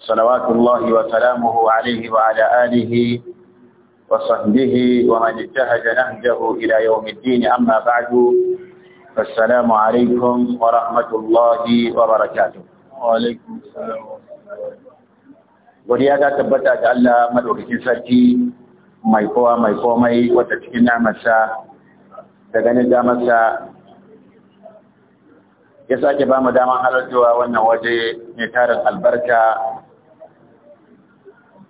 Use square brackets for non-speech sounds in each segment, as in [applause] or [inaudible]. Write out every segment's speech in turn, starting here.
صلوات الله وسلامه عليه وعلى آله وصحبه ومن اجتهد نهجه إلى يوم الدين أما بعد فالسلام عليكم ورحمة الله وبركاته وعليكم السلام ورياضة الله ألا ملوك جسدي ما يقوى ما يقوى ما يقوى وتتكنع مساء تغنجا مساء يساك بام داما حلو جوا ونواجه نتارك البركة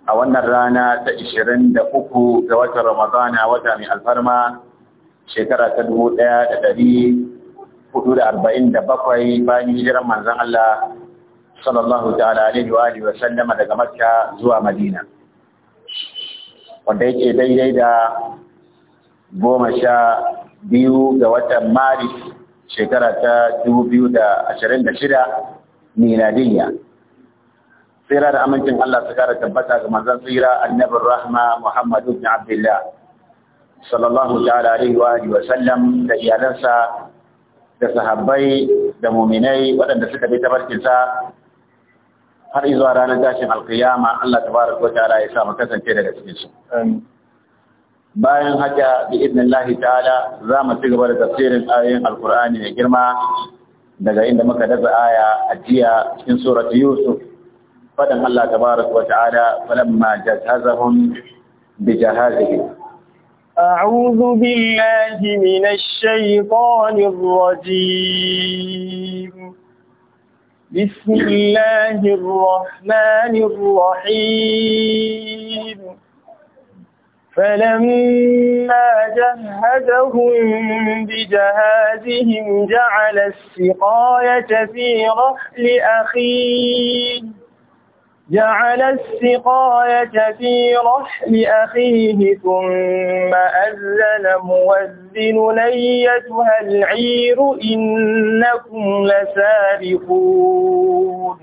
a wannan rana ta 23 ga watan Ramadana wata mai alfarma shekara ta 1447 bayan hijiran manzon Allah sallallahu ta'ala alaihi wa alihi wa sallama daga Makka zuwa Madina wanda yake daidai da goma sha biyu ga watan Maris shekara ta 2026 miladiyya tsira da amincin Allah su kara tabbata ga manzon tsira annabin rahma Muhammad ibn Abdullah sallallahu ta'ala alaihi wa alihi wa sallam da iyalansa da sahabbai da mu'minai waɗanda suka bi tabarkin sa har zuwa ranar tashin alkiyama Allah tabaraka wa ta'ala ya sa mu kasance daga cikin su bayan haka bi idnillahi ta'ala za mu ci gaba da tafsirin ayoyin alkur'ani mai girma daga inda muka daza aya a jiya cikin suratu yusuf فدم الله تبارك وتعالى فلما جهزهم بجهازه أعوذ بالله من الشيطان الرجيم بسم الله الرحمن الرحيم فلما جهزهم بجهازهم جعل السقاية في رحل أخيه جعل السقاية في رحل أخيه ثم أذن مؤذن نيتها العير إنكم لسارقون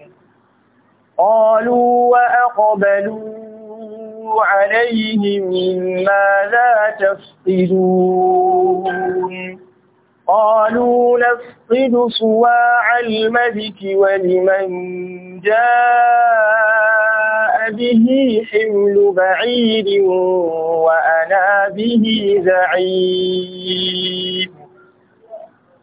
قالوا وأقبلوا عليهم ماذا تفقدون قالوا نفقد صواع الملك ولمن جاء به حمل بعيد وأنا به زعيم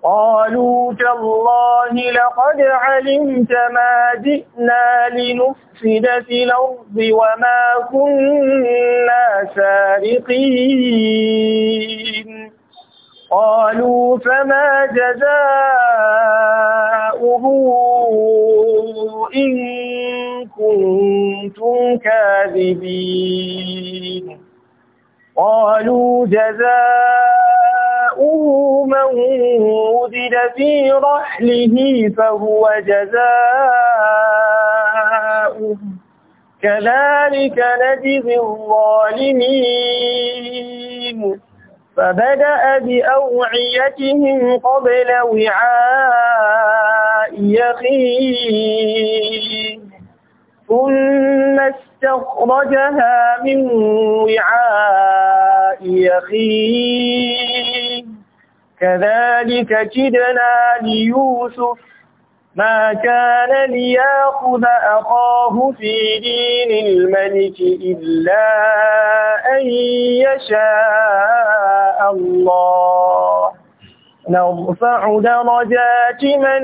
قالوا تالله لقد علمت ما جئنا لنفسد في الأرض وما كنا سارقين قالوا فما جزاؤه إن كنتم كاذبين قالوا جزاؤه من وزد في رحله فهو جزاؤه كذلك نجزي الظالمين فبدأ بأوعيتهم قبل وعاء يخيه ثم استخرجها من وعاء يخيه كذلك كدنا ليوسف ما كان ليأخذ أخاه في دين الملك إلا أن يشاء الله نرفع درجات من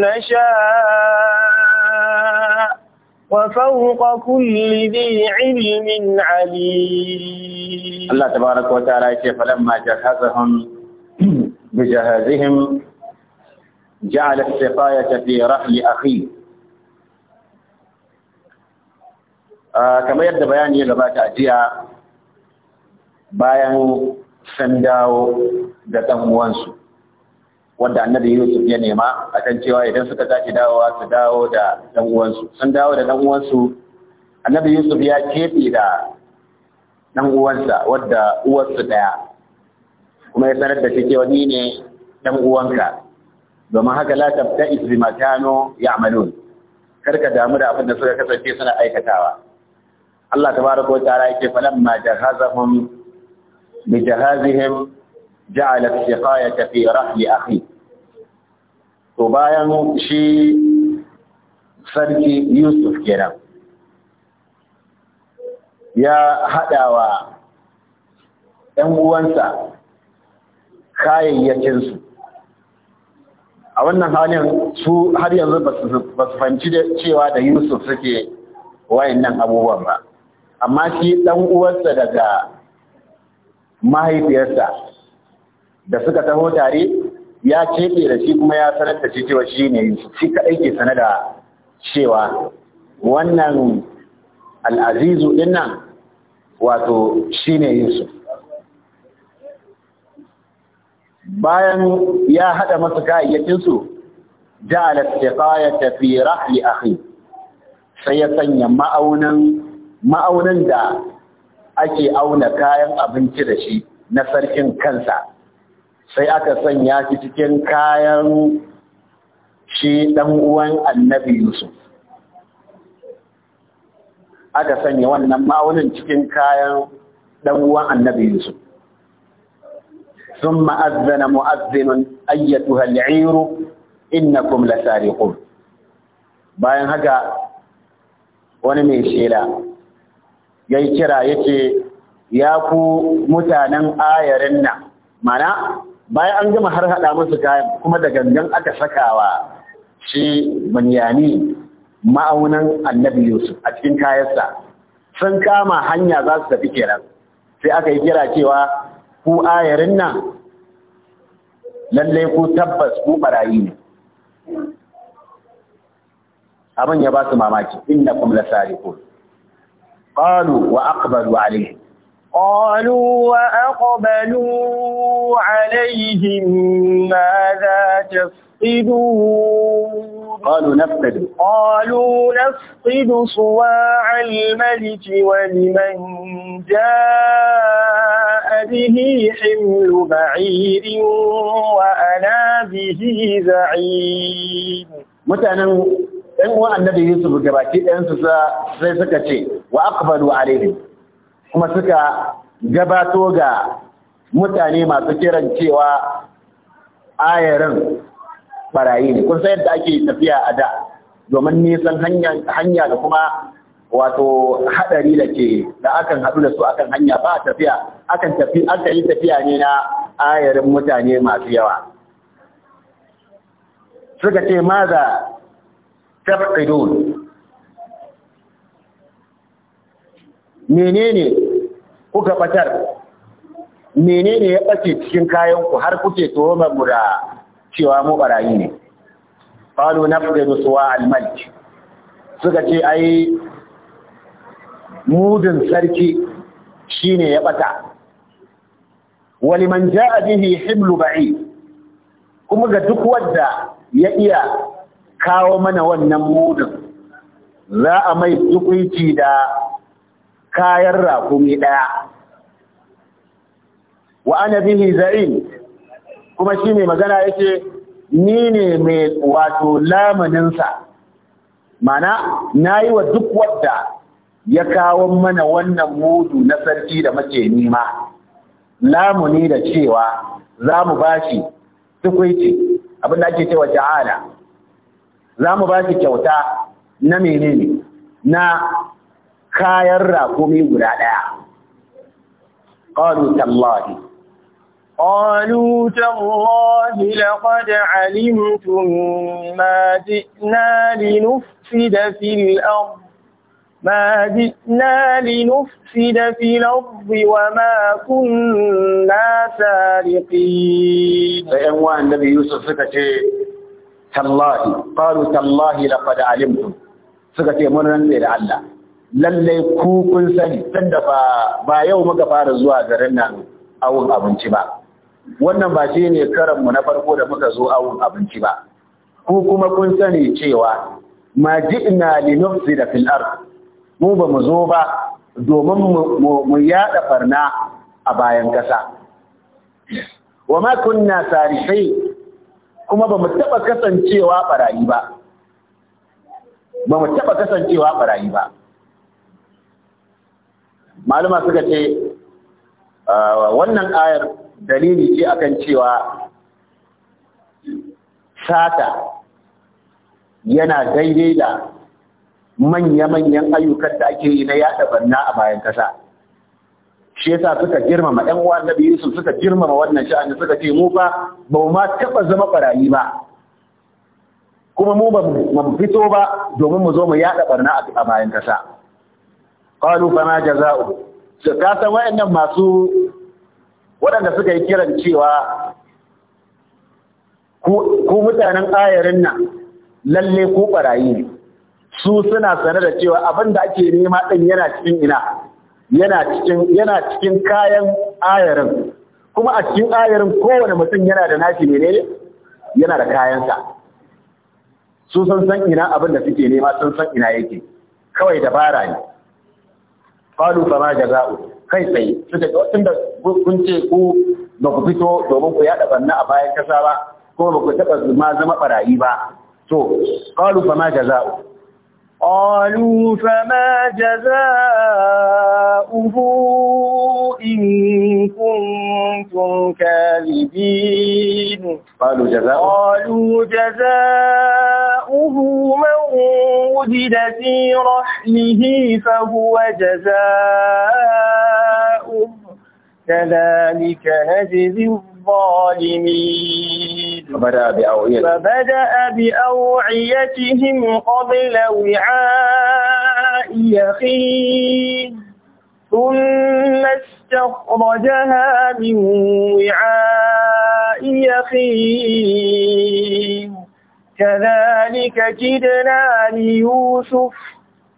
نشاء وفوق كل ذي علم عليم الله تبارك وتعالى فلما جهزهم [clears throat] بجهازهم جعل السقاية في رحل أخيه آه، كما يبدأ بياني لما تأتيها بيان sun dawo da ɗan uwansu wanda annabi Yusuf ya nema a kan cewa idan suka tashi dawowa su dawo da ɗan uwansu sun dawo da ɗan uwansu annabi Yusuf ya keɓe da ɗan uwansa wadda uwansu ɗaya kuma ya sanar da shi cewa ni ne ɗan uwanka domin haka la tabta isbima kano ya'malun karka damu da abin da suka kasance suna aikatawa Allah tabaraka wa ta'ala yake falamma jahazahum بجهازهم جعل السقاية في رحل أخيه to bayan shi sarki Yusuf kenan ya haɗawa ‘yan uwansa kayayyakinsu a wannan halin su har yanzu ba su fahimci cewa da Yusuf suke wayannan abubuwan ba amma shi ɗan uwansa daga mahaifiyarsa da suka taho tare ya cefe da shi kuma ya sanar da shi cewa shi ne shi ka aiki sana da cewa wannan al'azizu ɗin nan wato shi ne yinsu bayan ya haɗa masu kayayyakinsu ja'alat tiqayata fi rahli akhi sai ya sanya ma'aunin da ake auna kayan abinci da shi na sarkin kansa sai aka sanya shi cikin kayan shi uwan annabi Yusuf. Aka sanya wannan ma'aunin cikin kayan ɗan uwan annabi Yusuf. Sun ma'azana mu'azzinin ayyatu hal'iru innakum lasariqun. Bayan haka wani mai shela ya yi kira ya ce ya ku mutanen ayarin nan mana bayan an gama har haɗa musu kayan kuma da gangan aka sakawa shi bunyani ma'aunan annabi yusuf a cikin kayansa sun kama hanya za su tafi kiran. sai aka yi kira cewa ku ayarin nan lallai ku tabbas ku barayi ne abin ya ba su mamaki inda kuma lasari ko قالوا وأقبلوا عليهم قالوا وأقبلوا عليهم ماذا تفقدون قالوا نفقد قالوا نفقد صواع الملك ولمن جاء به حمل بعير وأنا به زعيم متى ɗan uwan annabi Yusuf gabaci ɗayansu sai suka ce wa aqbalu alayhi kuma suka gabato ga mutane masu kiran cewa ayarin barayi ne kun san yadda ake tafiya a da domin nisan hanya da kuma wato hadari da ke da akan haɗu da su akan hanya ba tafiya akan tafi akan yi tafiya ne na ayarin mutane masu yawa suka ce maza tab'idun menene kuka batar menene ya bace cikin kayan ku har kuke tuhumar mu da cewa mu barayi ne qalu nafqidu suwa al-malik suka ce ai mudin sarki shine ya bata waliman jaa bihi himlu ba'i kuma ga duk wanda ya iya kawo mana wannan mudun za a mai tukwici da kayan rakumi ɗaya wa ana bihi za'in kuma shi ne magana yake ni ne mai wato lamaninsa mana na yi wa duk wadda ya kawo mana wannan mudu na sarki da mace nima lamuni da cewa za mu bashi tukwici abin da ake cewa ja'ala za mu ba shi kyauta na menene na kayan rakumi guda ɗaya qalu tallahi قالوا تالله لقد علمتم ما جئنا لنفسد في الأرض ما جئنا لنفسد في الأرض وما كنا سارقين. فإن النبي يوسف سكتي tallahi qalu tallahi laqad alimtum suka ce mun rantse da Allah lalle ku kun sani tunda ba ba yau muka fara zuwa garin nan awun abinci ba wannan ba shi ne karan mu na farko da muka zo awun abinci ba ku kuma kun sani cewa ma ji'na li nufsida fil ard mu ba mu zo ba domin mu yada farna a bayan kasa wa ma kunna sarifai kuma ba mu taɓa kasancewa ɓarayi ba ba mu taɓa kasancewa ɓarayi ba malama suka ce ah, wannan ayar dalili ce akan cewa sata yana daidai da manya-manyan ayyukan da ake yi na yaɗa barna a bayan kasa. shi yasa suka girmama ɗan uwa annabi Yusuf suka girmama wannan sha'ani suka ce mu fa ba mu ma taba zama barayi ba kuma mu ba mu fito ba domin mu zo mu yada barna a bayan kasa qalu fa ma jazaa'u su ka san wayannan masu waɗanda suka yi kiran cewa ku mutanen ayarin nan lalle ko barayi ne su suna sanar da cewa abin da ake nema ɗin yana cikin ina yana cikin kayan ayarin kuma a cikin ayarin kowane mutum yana da nashi ne yana da kayansa su san san ina abin da suke nema sun san ina yake kawai dabara ne qalu fa ma za'u, kai tsaye suka ga inda kun ce ku ba ku fito domin ku yada banna a bayan kasa ba ko ba ku taba zama barayi ba to qalu fa ma za'u. قالوا فما جزاؤه إن كنتم كاذبين قالوا جزاؤه قالوا جزاؤه من وجد في رحله فهو جزاؤه كذلك نجزي الظالمين فبدأ بأوعيتهم فبدأ بأوعيتهم قبل وعاء يخيه ثم استخرجها من وعاء يخيه كذلك كدنا ليوسف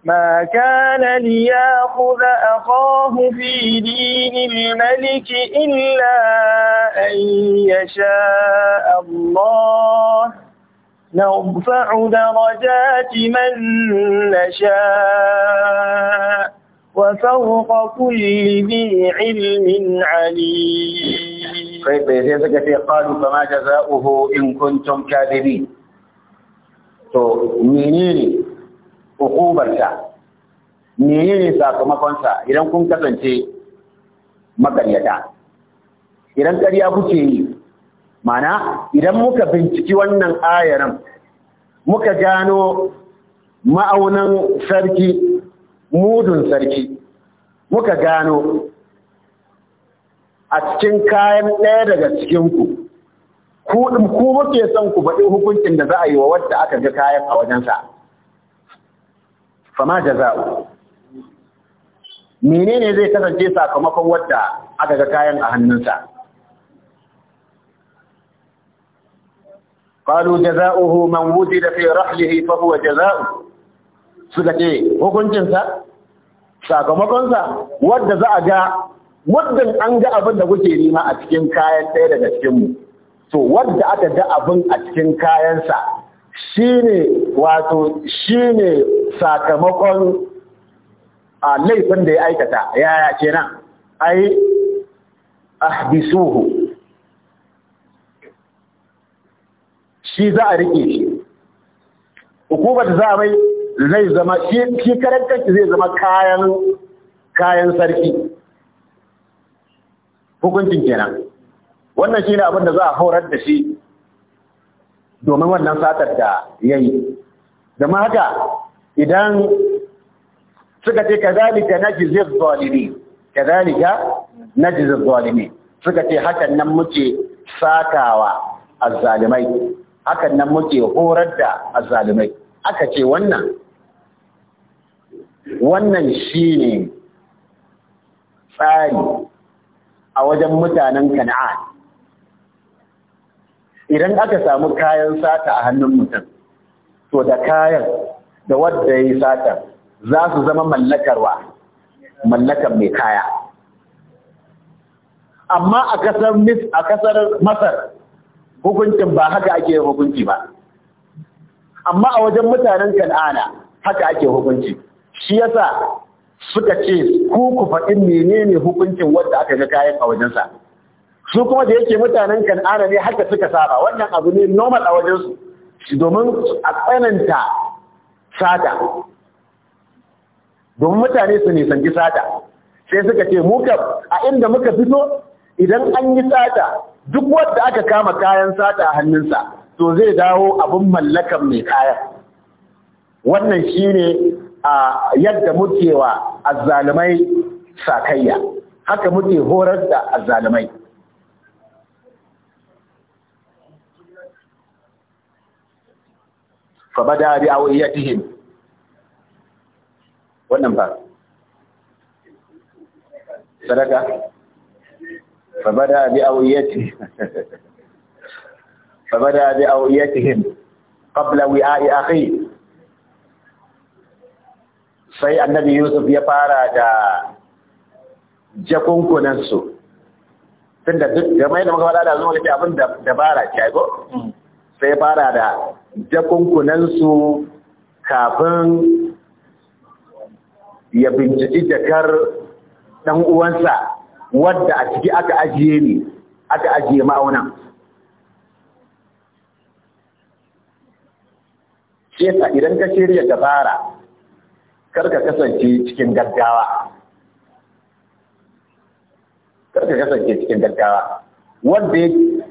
ما كان ليأخذ أخاه في دين الملك إلا أن يشاء الله نرفع درجات من نشاء وفوق كل ذي علم عليم طيب يا زكتي قالوا فما جزاؤه إن كنتم كاذبين تو منيني hukubarta ne sakamakonsa idan kun kasance makaryata idan ƙarya kuke yi mana idan muka binciki wannan ayaran muka gano ma'aunan sarki mudun sarki muka gano a cikin kayan ɗaya daga cikinku ku muke son ku baɗi hukuncin da za a yi wa wadda aka ga kayan a wajensa fama jaza'u menene zai kasance sakamakon wadda aka ga kayan a hannunsa قالوا جزاؤه من وجد في رحله فهو jaza'u suka ce hukuncinsa sakamakonsa wadda za a ga wadda an ga abin da kuke nima a cikin kayan ɗaya daga cikinmu to wadda aka ga abin a cikin kayansa ne wato shine sakamakon a laifin da ya aikata yaya nan ai ahbisuhu shi za a rike shi hukumar za a mai zai zama shi karan zai zama kayan sarki hukuncin kenan wannan shine abin da za a horar da shi domin wannan satar da ya yi zama haka idan suka ce kazalika najzir zalimi, kazalika najzir zalimi, suka ce hakan nan muke sakawa azzalimai hakan nan muke horar da azzalimai aka ce wannan wannan shine tsari a wajen mutanen kana'an idan aka samu kayan sata a hannun mutum to da kayan da wadda ya yi sata za su zama mallakarwa mallakar mai kaya amma a kasar masar hukuncin ba haka ake hukunci ba amma a wajen mutanen kan'ana haka ake hukunci shi yasa suka ce ku ku faɗi menene hukuncin wadda aka ga kayan a wajensa su kuma da yake mutanen kan'ana ne haka suka saba wannan abu ne normal a wajensu domin a tsananta sata domin mutane su nisanci sata sai suka ce muka a inda muka fito idan an yi sata duk wadda aka kama kayan sata a hannunsa to zai dawo abin mallakan mai kayan wannan shine a yadda muke wa azzalumai sakayya haka muke horar da azzalumai fa bada bi awiyatihim wannan ba sadaka fa bada bi awiyatihim [laughs] fa bada bi awiyatihim qabla wi'a'i akhi sai annabi yusuf ya fara da jakunkunan su, da duk game da magana faɗa da zuwa abin dabara ce ko mm. sai fara da jakunkunansu kafin ya binciki jakar ɗan uwansa wadda a ciki aka ajiye ne aka ajiye ma'aunan shesa idan ka shirya dabara karka kasance cikin gaggawa karka kasance cikin gaggawa wanda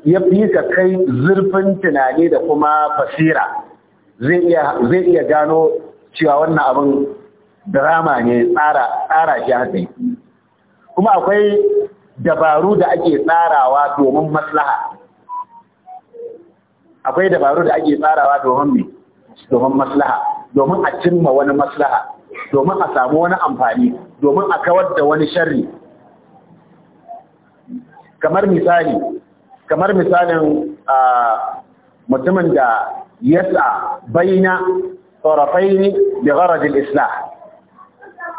ya fi ka kai zurfin tunani da kuma fasira, zai iya gano cewa wannan abin drama ne tsara shi haka kuma akwai dabaru da ake tsarawa domin maslaha akwai dabaru da ake tsarawa domin domin maslaha domin a cimma wani maslaha domin a samu wani amfani domin a kawar da wani sharri kamar misali kamar misalin mutumin da yasa baina tsorafai bi da al-islah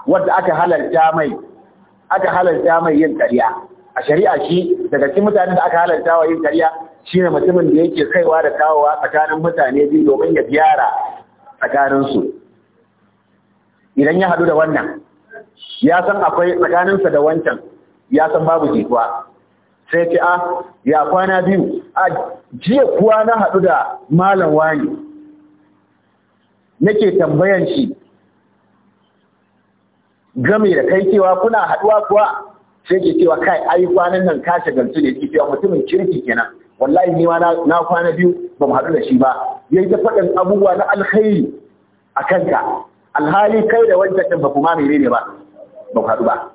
wanda aka halarta mai aka halarta mai yin kariya a shari'a shi daga cikin mutanen da aka halarta wa yin kariya shi ne mutumin da yake kaiwa da kawowa tsakanin mutane biyu domin ya gyara tsakanin su idan ya hadu da wannan ya san akwai tsakaninsa da wancan ya san babu jituwa sai ce a ah, ya kwana biyu a jiya kuwa na haɗu da malam wani nake tambayan shi game da kai cewa kuna haɗuwa kuwa sai ke cewa kai ai kwanan nan ka shagaltu ne ke cewa mutumin kirki kenan wallahi ni ma na kwana biyu ba mu haɗu da shi ba ya yi ta faɗin abubuwa na alkhairi a kanka alhali kai da wancan ɗin ba kuma mai ne ba ba mu haɗu ba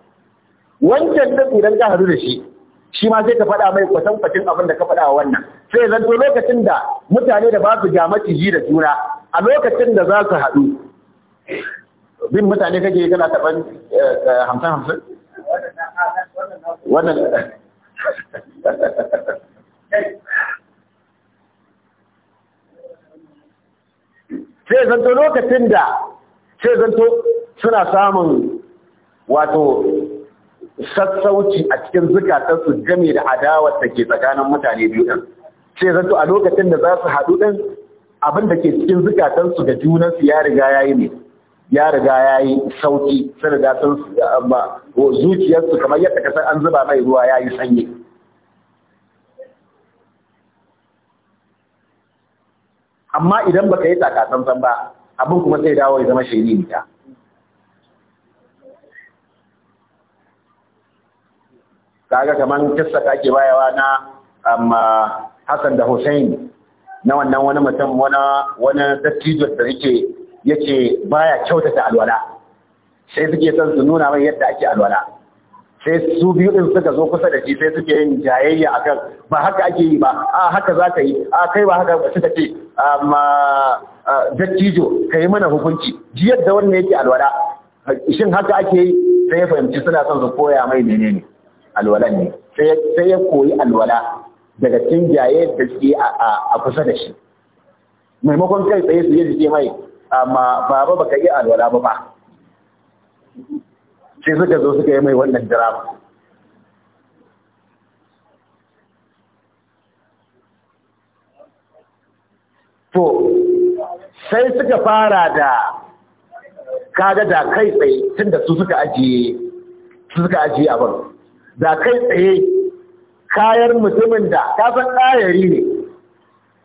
wancan ɗin idan ka haɗu da shi shi ma sai ka faɗa mai kwatankwacin abin da ka faɗa wa wannan sai zanto lokacin da mutane da ba su ja ji da juna a lokacin da za su haɗu bin mutane kake kana taɓa eh, hamsin hamsin wannan [laughs] sai zanto lokacin da sai zanto suna samun wato sassauci a cikin zukatansu game da adawar da ke tsakanin mutane biyu ɗin sai zato a lokacin da za su haɗu ɗin abin da ke cikin zukatansu ga junansu ya riga ya yi ne ya riga ya yi sauki sun riga sun zuciyarsu kamar yadda kasar an zuba mai ruwa ya yi sanyi amma idan baka yi takasansan ba abin kuma sai dawo ya zama shiri ta kaga kaman kissa da ake bayawa na amma um, uh, Hassan da Hussein na wannan wani mutum wani wani dattijo da yake yake baya kyautata alwala sai suke son su nuna mai yadda ake alwala sai su biyu din suka zo kusa da shi sai suke yin jayayya akan ba haka ake yi ba a haka za ka yi a kai ba haka ba suka ce amma um, uh, uh, dattijo ka yi mana hukunci ji yadda wannan yake alwala shin haka ake yi sai ya fahimci suna son su koya mai menene alwalan ne sai ya koyi alwala daga cinjaye da suke a kusa da shi maimakon kai tsaye su yi suke mai amma baba ka yi alwala ba ba sai suka zo suka yi mai wannan drama to sai suka fara da kaga da kai tsaye tun da su suka ajiye su suka ajiye abin da kai tsaye kayan mutumin da kafin ɗayari ne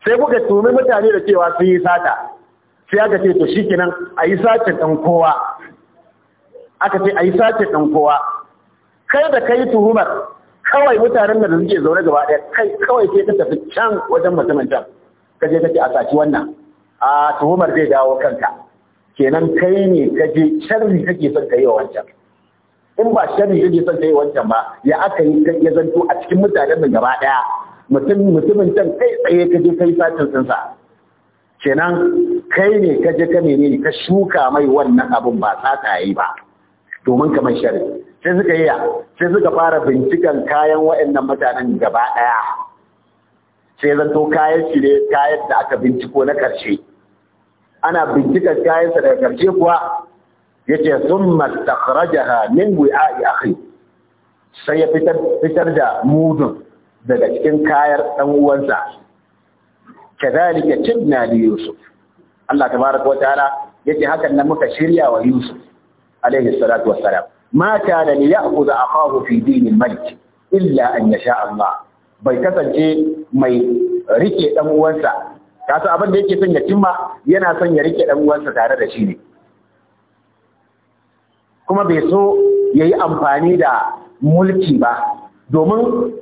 sai kuka tumi mutane da cewa sun yi sata sai aka ce to shikenan a yi sacin ɗan kowa aka ce a yi sacin ɗan kowa kai da kai tuhumar kawai mutanen da suke zaune gaba ɗaya kai kawai sai ka tafi can wajen mutumin can ka je kake a saci wannan a tuhumar zai dawo kanka kenan kai ne ka je sharri kake son ka yi wa wancan in ba sharri yake son ta yi wancan ba ya aka yi ya zanto a cikin mutanen da gaba daya mutum mutumin can kai tsaye ka je kai sacin sa kenan kai ne ka je ka menene ka shuka mai wannan abun ba sa ta yi ba domin kamar shari sai suka yi sai suka fara bincikan kayan waɗannan mutanen gaba daya sai zanto kayan shi ne kayan da aka binciko na karshe ana bincikan kayansa daga karshe kuwa yace da takhrajaha min wi'a'i akhi sai ya fitar da mudun daga cikin kayar dan uwansa cin na da yusuf Allah tabaaraka wa ta'ala yace hakan na muka shirya wa yusuf mata salatu wassalam ma kana li a akahu fi dinil malik illa an yasha Allah bai kasance mai rike ɗanuwansa uwansa kasu abin da yake son ya cimma yana son ya rike ɗan uwansa tare da shi ne kuma bai so ya yi amfani da mulki ba domin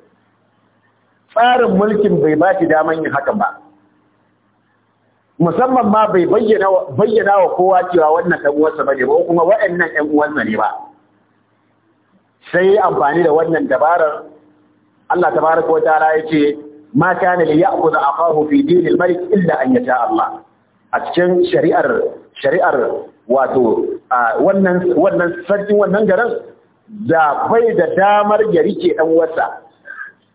tsarin mulkin bai ba shi daman yin hakan ba musamman ma bai bayyana wa kowa cewa wannan ɗan'uwarsa ba ne, ba kuma waɗannan ‘yan’uwarsa ne ba sai yi amfani da wannan dabarar Allah ta tabaraka wa ya ce ma ya ku ya'khudha akahu fi dinil malik illa an yata Allah a cikin shari'ar wato wannan wannan sarkin wannan garin da bai da damar ya rike dan wasa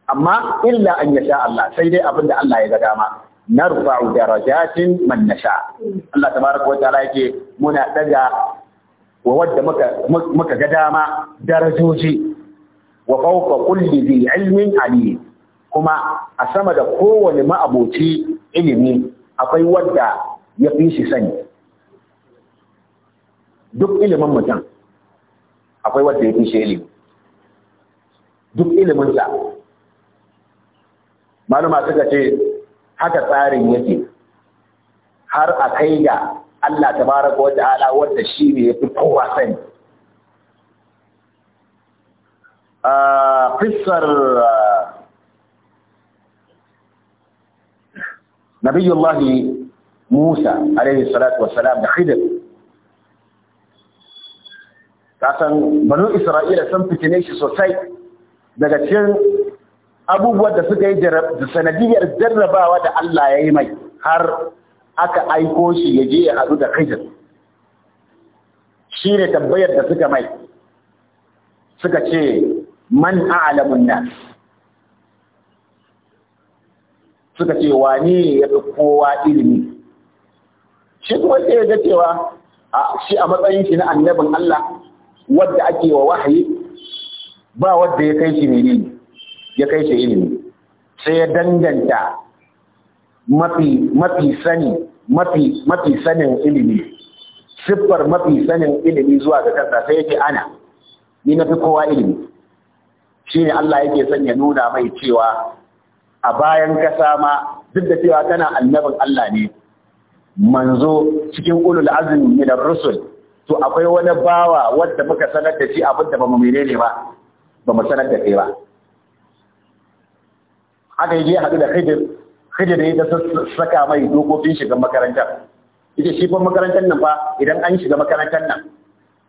amma illa an ya sha Allah sai dai abin da Allah ya ga dama narfa'u darajatin man nasha Allah tabaraka wa ta'ala yake muna daga wa wadda muka ga dama darajoji wa fawqa kulli bi ilmin ali kuma a sama da kowane ma'aboci ilimi akwai wanda ya fi shi sani duk ilimin mutum akwai wadda ya fi shi duk iliminsa maluma suka ce haka tsarin yake har a kai ga Allah ta ko wa ta'ala wanda shi ne ya fi kowa sani fissar نبي الله موسى عليه الصلاة da kasan banu isra'ila sun fitine shi sosai daga cikin abubuwan da suka yi da sanadiyar jarrabawa da Allah ya yi mai har aka aiko shi ya je ya haɗu da Khidir shi ne tambayar da suka mai suka ce man a'lamun nas suka ce wani ya fi kowa ilimi shi kuma sai ya ga cewa shi a matsayin shi na annabin Allah wadda ake wa wahayi ba wadda ya kai shi menene ya kai shi ilimi sai ya danganta mafi mafi sani sanin ilimi siffar mafi sanin ilimi zuwa ga kansa sai yake ana ni na fi kowa ilimi shi ne Allah yake son ya nuna mai cewa a bayan kasa ma duk da cewa kana annabin Allah ne manzo cikin ulul azmi min ar-rusul to akwai wani bawa wanda muka sanar da shi abin da bamu menene ba bamu sanar da kai ba haka yake haɗu da hidir ne ta saka mai dokokin shiga makarantar ita shi fa makarantar nan ba idan an shiga makarantar nan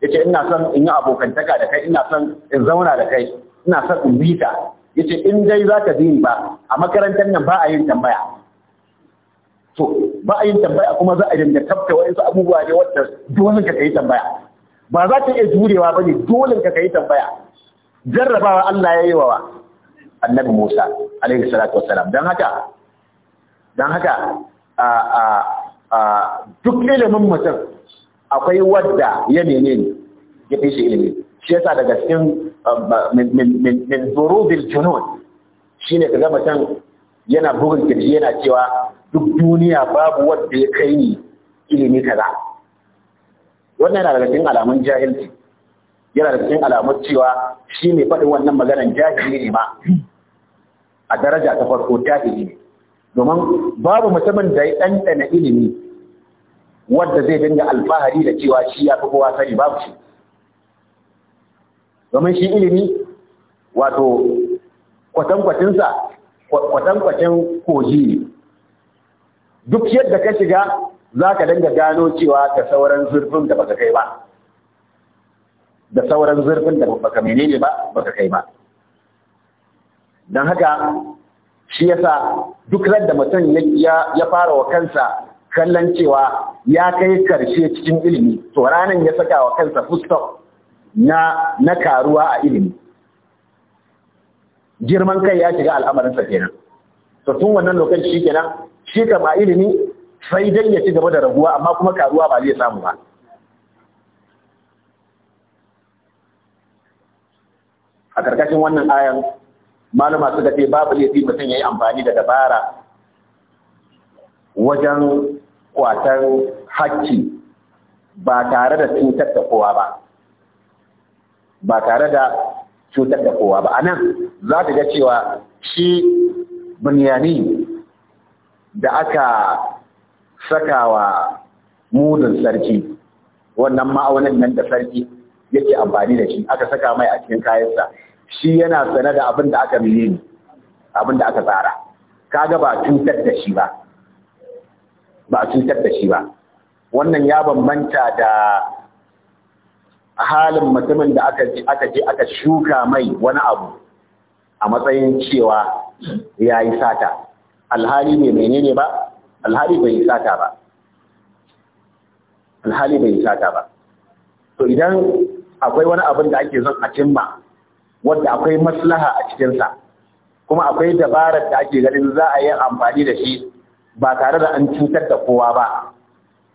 yace ina son in yi abokantaka da kai ina son in zauna da kai ina son in bi ta yace in dai zaka bi ba a makarantar nan ba a yin tambaya to ba a yin tambaya kuma za a dinga tafta wa'insu abubuwa ne wadda dole ka yi tambaya ba za ka iya jurewa ba ne dole ka yi tambaya jarrabawa Allah ya yi wa annabi Musa alaihi salatu wassalam don haka don haka a a a duk ilimin mutum akwai wadda ya nene ne ya fi shi ilimi shi yasa daga cikin min zurubil junun shine kaga mutum yana bugun kirji yana cewa duk duniya babu wanda ya kai ni ilimi kaza wannan yana daga cikin alamun jahilci yana da cikin alamun cewa shi ne faɗin wannan maganar jahili ne ma a daraja ta farko jahili ne domin babu mutumin da ya ɗanɗana ilimi wadda zai dinga alfahari da cewa shi ya fi kowa sani babu shi domin shi ilimi wato kwatankwacinsa kwatankwacin koji ne duk yadda ka shiga za ka dinga gano cewa da sauran zurfin da baka kai ba da sauran zurfin da baka menene ba baka kai ba don haka shi yasa duk da mutum ya fara wa kansa kallon cewa ya kai karshe cikin ilimi to ranar ya saka wa kansa fustof na karuwa a ilimi girman kai ya shiga al'amarinsa kenan to tun wannan lokaci kenan shi kama ilimi sai dai ya ci gaba da raguwa amma kuma karuwa ba zai samu ba a karkashin wannan ayan malama suka ce babu laifi mutum ya yi amfani da dabara wajen kwatar hakki ba tare da cutar da kowa ba ba tare da cutar da kowa ba a nan za ta ga cewa shi bunyani da aka saka wa mudun sarki wannan ma'aunin nan da sarki yake amfani da shi aka saka mai a cikin kayansa shi yana sane da abin da aka mene abin da aka tsara kaga ba cutar da shi ba ba cutar da shi ba wannan ya bambanta da halin mutumin da aka aka je aka shuka mai wani abu a matsayin cewa ya yi sata alhali ne menene ba alhali bai sata ba alhali bai sata ba to idan akwai wani abin da ake zan a cimma wanda akwai maslaha a cikinsa kuma akwai dabarar da ake ganin za a yi amfani da shi ba tare da an cutar da kowa ba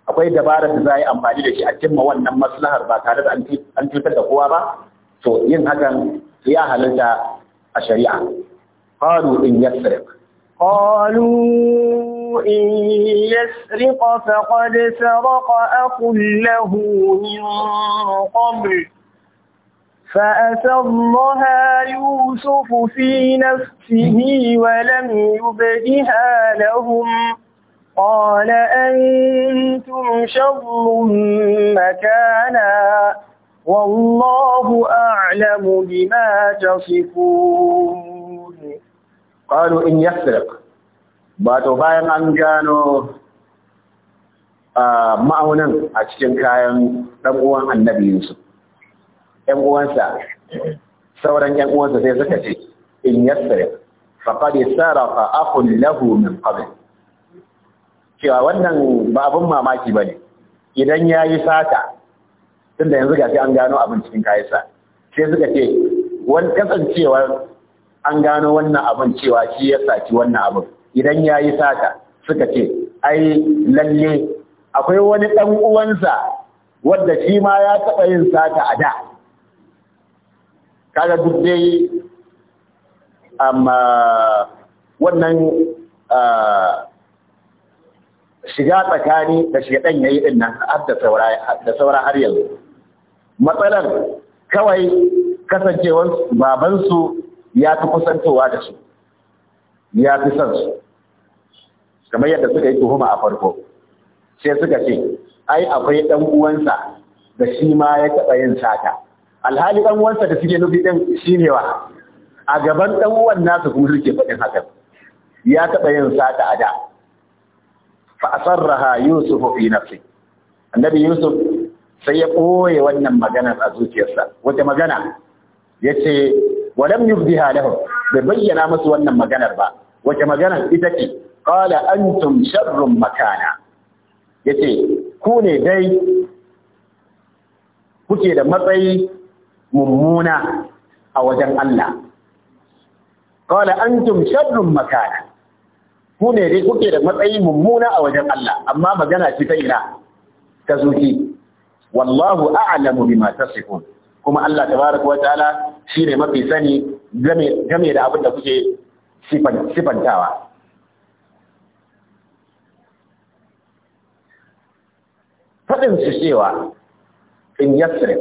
akwai dabarar da za a yi amfani da shi a cimma wannan maslahar ba tare da an cutar da kowa ba to yin hakan ya halitta a shari'a faru din yasrik قالوا إن يسرق فقد سرق أخ له من قبل فأسرها يوسف في نفسه ولم يبدها لهم قال أنتم شر مكانا والله أعلم بما تصفون qalu in yasriq ba to bayan an gano ma'aunin a cikin kayan ɗan annabi Yusuf ɗan sauran ɗan uwansa sai suka ce in yasriq faqad saraqa akhun lahu min qabl cewa wannan ba abin mamaki bane idan yayi sata tunda yanzu gashi an gano abin cikin kayansa, sa sai suka ce wani kasancewar an gano wannan abin cewa shi ya saki wannan abin idan ya yi sata suka ce ai lalle akwai wani ɗan uwansa wadda shi ma ya taɓa yin sata a da kada duk dai amma wannan shiga tsakani da ya yi din nan da da saura har yanzu matsalar kawai kasancewar babansu ya fi kusantowa da su ya fi son su kamar yadda suka yi tuhuma a farko sai suka ce ai akwai ɗan uwansa da shi ma ya taɓa yin sata alhali ɗan uwansa da suke nufi ɗin shi ne wa a gaban ɗan uwan nasu kuma suke faɗin hakan ya taɓa yin sata a da fa asarraha yusuf fi nafsi annabi yusuf sai ya ɓoye wannan maganar a zuciyarsa wata magana ya ce. wa lam yubdiha lahum bai bayyana musu wannan maganar ba wace maganar ita ce tun antum sharrun makana yace ku ne dai kuke da matsayi mummuna a wajen Allah qala antum sharrun makana ku ne dai kuke da matsayi mummuna a wajen Allah amma magana ce ta ina ta zuci wallahu a'lamu bima kuma Allah tabaraka wa Shi ne mafi sani game da abin da kuke sifantawa faɗin su cewa in yasrif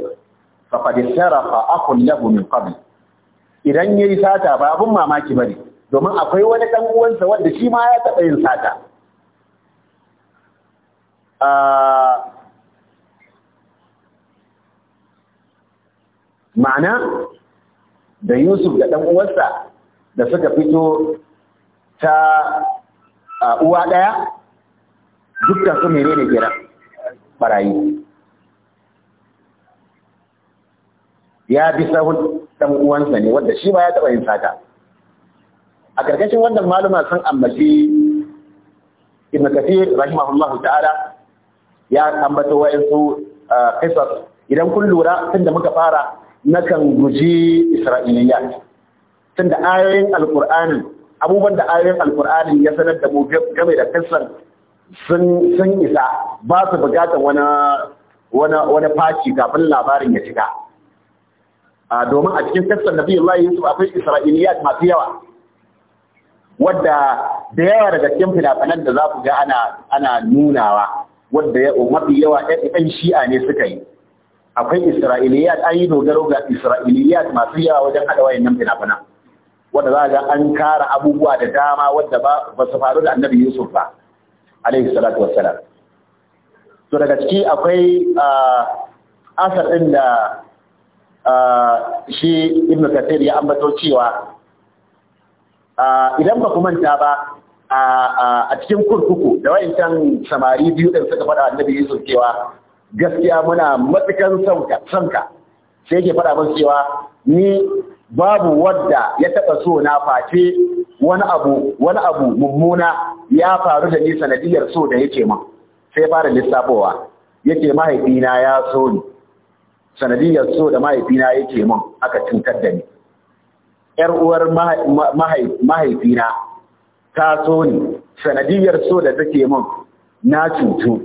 faqad sarrafa akun lahu min qabl idan ya yi sata ba abin mamaki bari, domin akwai wani dan uwansa wanda shi ma ya taɓa yin sata ah, ma'ana da Yusuf da ɗan uwarsa da suka fito ta uwa ɗaya dukkan su mere ne kira ɓarayi. ya bi sahun ɗan uwansa ne wanda shi ba ya taɓa yin sata a ƙarƙashin wannan maluma sun ambaci ibn kafir rahimahullahu ta'ala ya ambato wa'insu qisas idan kun lura tun da muka fara nakan guji isra'iliya tunda ayoyin alkur'ani abubuwan da ayoyin alkur'ani ya sanar da mu game da kissan sun isa ba su bugata wani wani faci kafin labarin ya cika domin a cikin kasar nabi Allah Yusuf akwai isra'iliya masu yawa wadda da yawa daga cikin finafinan da za ku ga ana ana nunawa wadda mafi yawa ɗan shi'a ne suka yi akwai isra'iliyat an yi dogaro ga isra'iliyat masu yawa wajen hada nan fina fina wanda za a ga an kara abubuwa da dama wadda ba su faru da annabi yusuf ba alaihi salatu to daga ciki akwai asar ɗin da shi ibn kasir ya ambato cewa idan ba ku manta ba a cikin kurkuku da wayancan samari biyu ɗin suka faɗa annabi yusuf cewa gaskiya muna matsakan sanka sai yake faɗa min cewa ni babu wadda ya taɓa so na face wani abu wani abu mummuna ya faru da ni sanadiyar so da yake ma sai fara lissafowa yake mahaifina ya so ni sanadiyar so da mahaifina yake mun aka cutar da ni ‘yar uwar mahaifina ta so ni sanadiyar so da take mun na cutu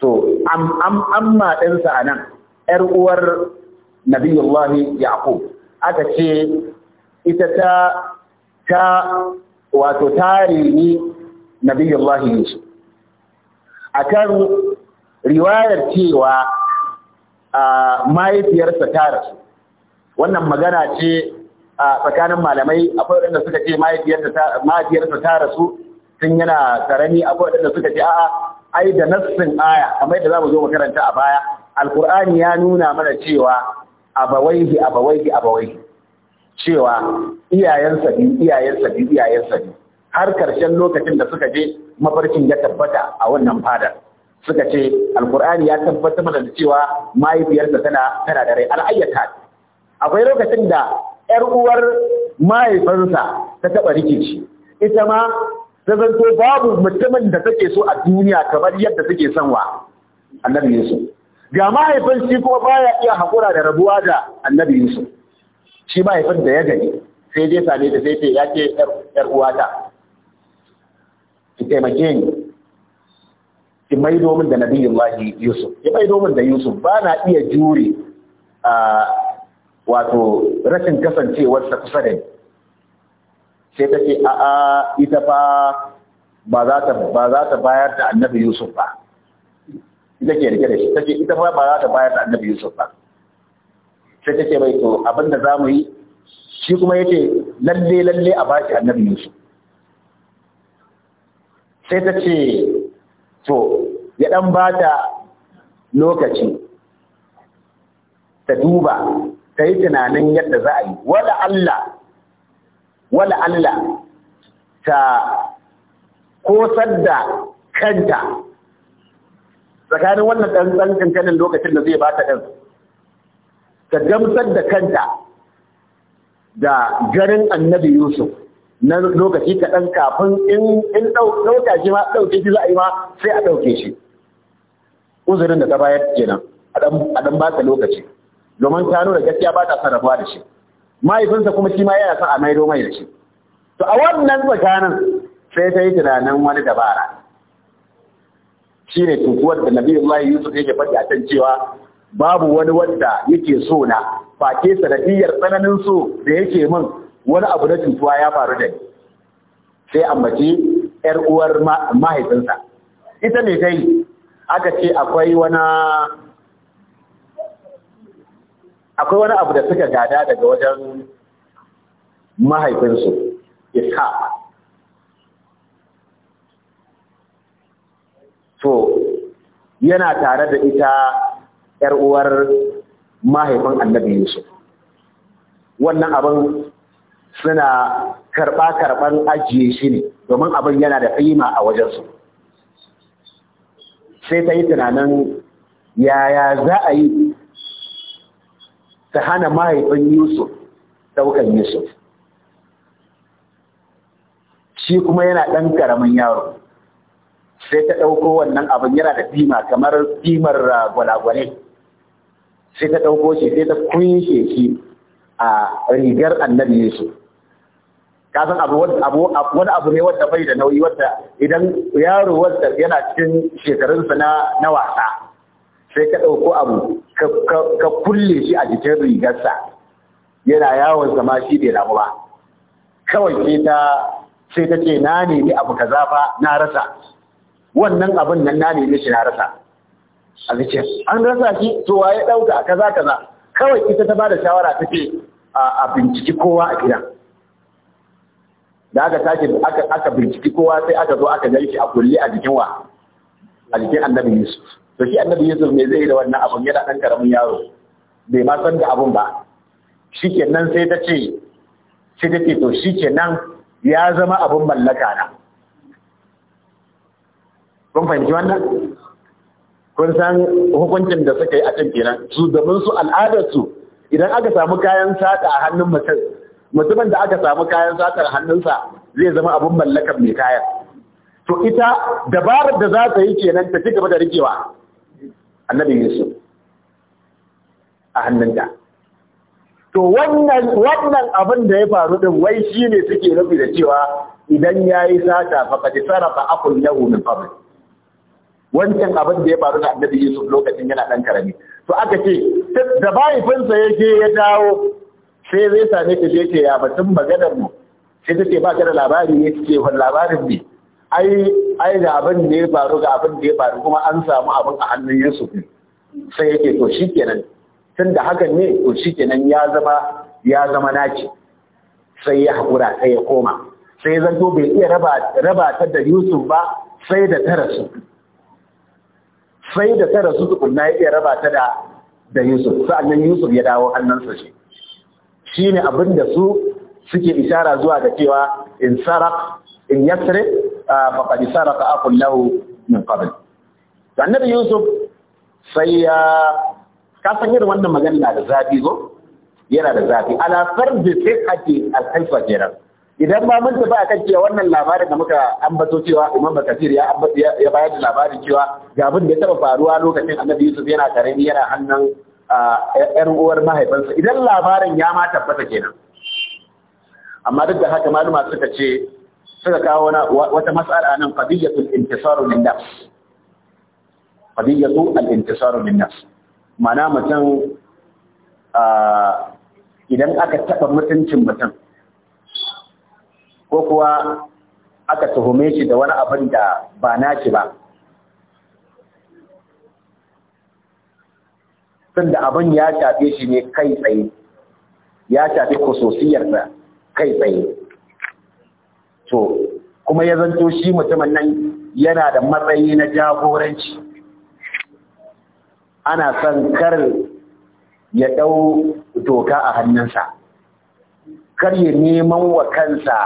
to amma ɗinsa a nan ‘yar uwar nabiyullahi yaqub aka ce ita ta ta wato tarihi nabiyullahi yusuf akan riwayar cewa mahaifiyarsa ta rasu wannan magana ce a tsakanin malamai akwai waɗanda suka ce mahaifiyarsa ta rasu sun yana karami akwai waɗanda suka ce a'a ai da nassin aya kamar yadda zamu zo mu karanta a baya alqur'ani ya nuna mana cewa abawaihi abawaihi abawaihi cewa iyayen biyu iyayen biyu iyayen biyu har karshen lokacin da suka je mafarkin ya tabbata a wannan fadar suka ce alqur'ani ya tabbatar mana da cewa mahaifiyarsa tana tana da rai al'ayyata akwai lokacin da ƴar uwar mahaifinsa ta taɓa rikici, ita ma ta zanto babu mutumin da take so a duniya kamar yadda take son wa annabi Yusuf ga mahaifin shi kuma baya iya hakura da rabuwa da annabi Yusuf shi mahaifin da ya gani sai dai same ta sai ya ce yar uwata ki taimake ni ki mai domin da nabiyullahi Yusuf ki mai domin da Yusuf ba na iya jure a ah, wato rashin kasancewarsa kusa da ni sai ta ce a'a ita fa ba za ta ba za ta bayar da annabi Yusuf ba ita ke rike da shi ce ita fa ba za ta bayar da annabi Yusuf ba sai take bai to abin da mu yi shi kuma yace lalle lalle a shi annabi Yusuf sai ta ce to ya dan ta lokaci ta duba ta yi tunanin yadda za a yi wala Allah wala Allah ta kosar da kanta tsakanin wannan ɗan ɗan kankanin lokacin da zai ba ta ɗan ta gamsar da kanta da garin annabi Yusuf na lokaci kaɗan kafin in ɗauka shi ma ɗauke shi za a yi ma sai a ɗauke shi uzurin da ta bayar kenan a ɗan ba ta lokaci domin ta nuna gaskiya ba ta sarrafa da shi mahaifinsa kuma shi ma yana son a maido mai da shi to a wannan tsakanin sai ta yi tunanin wani dabara shi ne tukuwar da nabi Allah Yusuf yake faɗi a can cewa babu wani wanda yake so na fake sanadiyar tsananin so da yake min wani abu na cutuwa ya faru da ni sai ambaci yar uwar mahaifinsa ita ne ta yi aka ce akwai wana. akwai wani abu da suka gada daga wajen mahaifinsu iska? to yana tare da ita ‘yar uwar mahaifin annabi Yusuf. Wannan abin suna karɓa-karɓan ajiye shi ne, domin abin yana da fahima a wajensu. Sai ta yi tunanin yaya za a yi ta hana mahaifin Yusuf daukan Yusuf shi kuma yana ɗan ƙaramin yaro sai ta ɗauko wannan abin yana da fima kamar fimar gwalagwale sai ta ɗauko shi sai ta kunshe shi a rigar annabi Yusuf ka san abu wani abu ne wadda bai da nauyi wadda idan yaro wadda yana cikin shekarunsa na wasa sai ka ɗauko abu ka kulle shi a jikin rigarsa yana yawon zama shi bai ramu ba kawai sai ta sai ta ce na nemi abu ka fa na rasa wannan abin nan na nemi shi na rasa a ce an rasa shi to waye ɗauka kaza kaza kawai ita ta bada shawara ta ce a binciki kowa a gidan da aka sake aka binciki kowa sai aka zo aka gani shi a kulle a jikin wa a jikin annabi Yusuf to shi annabi yusuf me zai yi da wannan abun yana ɗan karamin yaro bai ma san da abun ba shikenan sai ta ce sai ta ce to shikenan ya zama abun mallaka na kun fahimci wannan kun san hukuncin da suka yi a can kenan su domin su al'adarsu idan aka samu kayan sata a hannun mutum mutumin da aka samu kayan satar hannunsa zai zama abun mallakar mai kayan to ita dabarar da za ta yi kenan ta ci gaba da rikewa annabi yusuf a hannunta to wannan wannan abin da ya faru din wai shine suke nufi da cewa idan yayi sata fa qad sarafa akul lahu min qabl wancan abin da ya faru da annabi yusuf lokacin yana dan karami to aka ce da ya yake ya dawo sai zai same ta je ce ya batun maganar mu sai take ce ba ka da labari ya ce wani labarin ne ai ai da abin da ya faru ga abin da ya faru kuma an samu abin a hannun Yusuf sai yake to shikenan da hakan ne to shikenan ya zama ya zama naci sai ya hakura sai ya koma sai zanto bai iya raba raba ta da Yusuf ba sai da tara su sai da tara su tukunna ya iya raba ta da da Yusuf sa'annan Yusuf ya dawo hannunsa shi shine abin da su suke isara zuwa ga cewa in sarak in yasrib faqad saraka aqul lahu min qabl to annabi yusuf sai ya ka san irin wannan magana na da zafi go yana da zafi ala farz sihhati al-haifa jira idan ba mun tafi akan cewa wannan labarin da muka ambato cewa Imam bakir ya ya bayar da labarin cewa ga abin da ya taba faruwa lokacin Annabi Yusuf yana karami yana hannun yan uwar mahaifinsa idan labarin ya ma tabbata kenan amma duk da haka maluma suka ce suka kawo wata matsala nan qadiyatul intisaru lin nafs qadiyatu al intisaru lin nafs Mana mutum idan aka taba mutuncin mutum ko kuwa aka tuhume shi da wani abin da ba naci ba tunda abin ya shafe shi ne kai tsaye ya shafi kusosiyarsa kai tsaye to kuma ya zanto shi mutumin nan yana da matsayi na jagoranci ana son kar ya ɗau doka a hannunsa kar ya neman wa kansa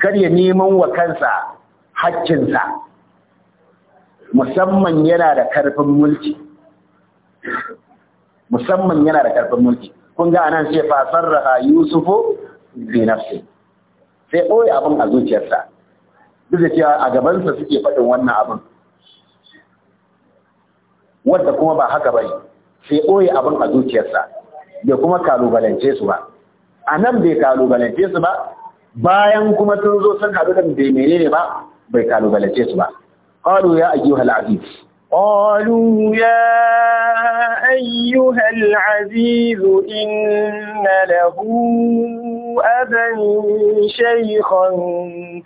kar ya neman wa kansa haƙƙinsa musamman yana da ƙarfin mulki musamman yana da ƙarfin mulki kun ga anan sai fa sarraha yusufu binafsi sai ɓoye abin a zuciyarsa duk da cewa a gabansa suke faɗin wannan abin wanda kuma ba haka bane sai ɓoye abin a zuciyarsa da kuma kalubalance su ba a nan bai kalubalance su ba bayan kuma sun zo sun haɗu da bai menene ba bai kalubalance su ba qalu ya ayyuhal aziz قالوا ya ayyuhal العزيز inna له أبا شيخا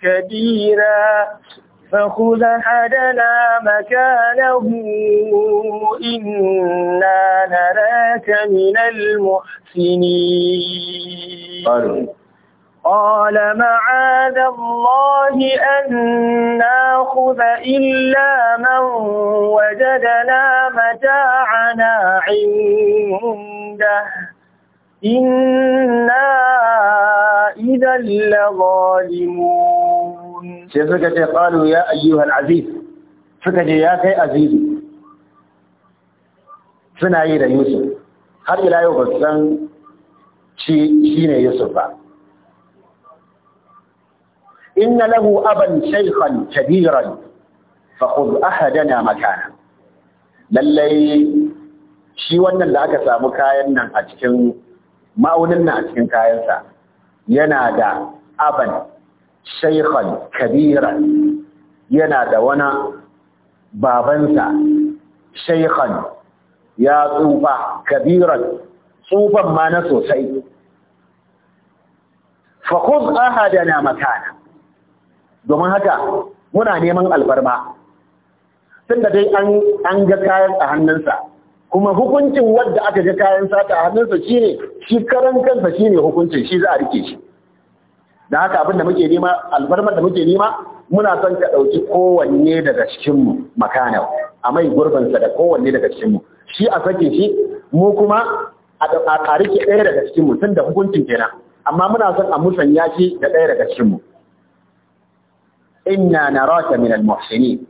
كبيرا فخذ أحدنا مكانه إنا نراك من المحسنين قال معاذ الله أن ناخذ إلا من وجدنا متاعنا عنده inna idan lagalimun sai suka ce ƙalu ya ayyuhal aziz suka ce ya kai azizu suna yi da yusuf har ila yau basan shi ne yusuf ba inna lahu aban shaykhan kabiran fa ahadana makana lallai shi wannan da aka samu kayan nan a cikin ma'aunin na cikin kayansa yana da aban shaikhan kabira yana da wani babansa shaikhan ya tsufa kabiran tsufan ma na sosai fakon na matana. domin haka muna neman alfarma tun da dai an ga kayan a hannunsa kuma hukuncin wadda aka ga kayan sata a hannunsa shine shi karan kansa shine hukuncin shi za a rike shi da haka abin da muke nema albarmar da muke nema muna son ka ɗauki kowanne daga cikinmu makana a mai gurbinsa da kowanne daga cikinmu shi a sake shi mu kuma a ƙarike ɗaya daga cikinmu tun da hukuncin kenan amma muna son a musanya shi da ɗaya daga cikinmu inna na min minal muhsinin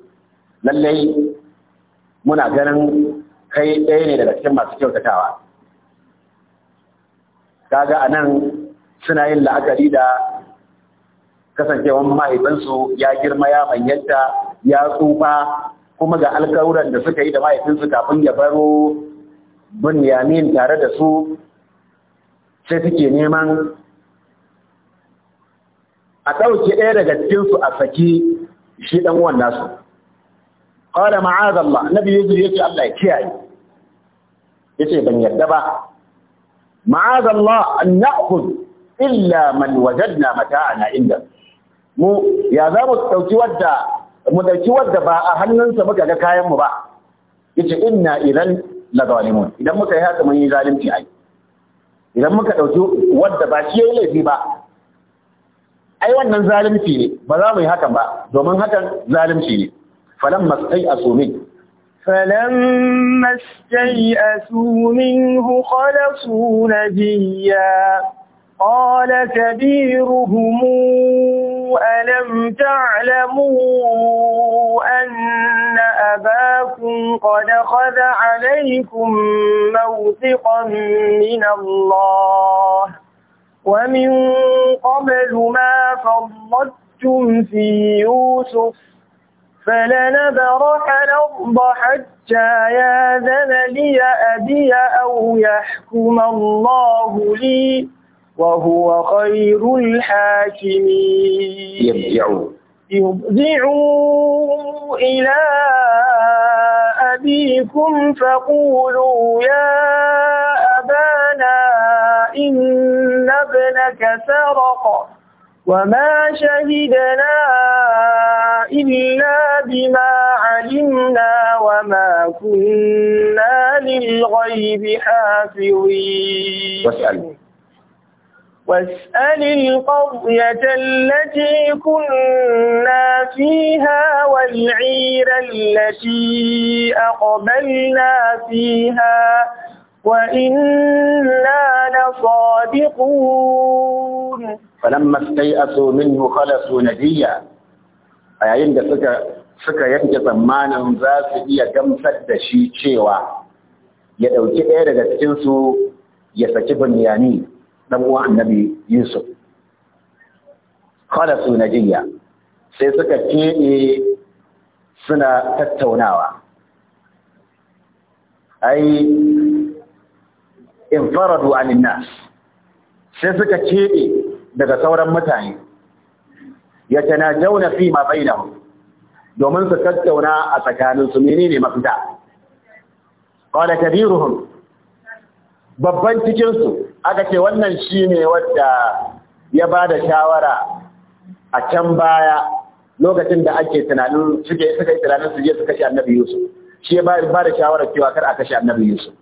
lallai muna ganin kai ɗaya ne daga cikin masu kyautatawa kaga a nan suna yin la'akari da kasancewan mahaifinsu ya girma ya manyanta ya tsufa kuma ga alkawuran da suka yi da mahaifinsu kafin ya baro yamin tare da su sai suke neman a ɗauki ɗaya daga cikinsu a saki shi ɗan wannan su. Kawai da ma'azallah, Nabi biyu ya ce Allah ya kiyaye. ce ban yarda ba ma'azallah an na'khudh illa man wajadna mata'ana inda mu ya za mu ɗauki wadda mu dauki wadda ba a hannunsa muka ga kayan mu ba yace inna idan la zalimun idan muka yi haka mun yi zalunci ai idan muka ɗauki wadda ba shi yayi laifi ba ai wannan zalunci ne ba za mu yi hakan ba domin hakan zalunci ne falamma sai asumi فلما استيئسوا منه خلصوا نجيا قال كبيرهم ألم تعلموا أن أباكم قد خذ عليكم موثقا من الله ومن قبل ما فضلتم في يوسف فلنبرح الأرض حتى ياذن لي أبي أو يحكم الله لي وهو خير الحاكمين يرجعوا يرجعوا إلى أبيكم فقولوا يا أبانا إن ابنك سرق وما شهدنا إلا بما علمنا وما كنا للغيب حافظين واسأل واسأل القرية التي كنا فيها والعير التي أقبلنا فيها فلما استيأسوا منه خلصوا نجيا أيين da suka suka yanke tsammanin za su iya gamsar da shi cewa ya ɗauki ɗaya daga cikinsu ya saki bunyani ɗan uwan annabi Yusuf. Kwada na sai suka keɓe suna tattaunawa. Ai, in faradu anin nas sai suka keɓe daga sauran mutane ya tana jauna fi ma bainahum domin su tattauna a tsakanin su menene mafita qala kabiruhum babban cikin su aka ce wannan shine wanda ya bada shawara a can baya lokacin da ake tunanin suke suka yi tunanin su je su kashe annabi Yusuf shi ya ba da shawara cewa kar a kashe annabi Yusuf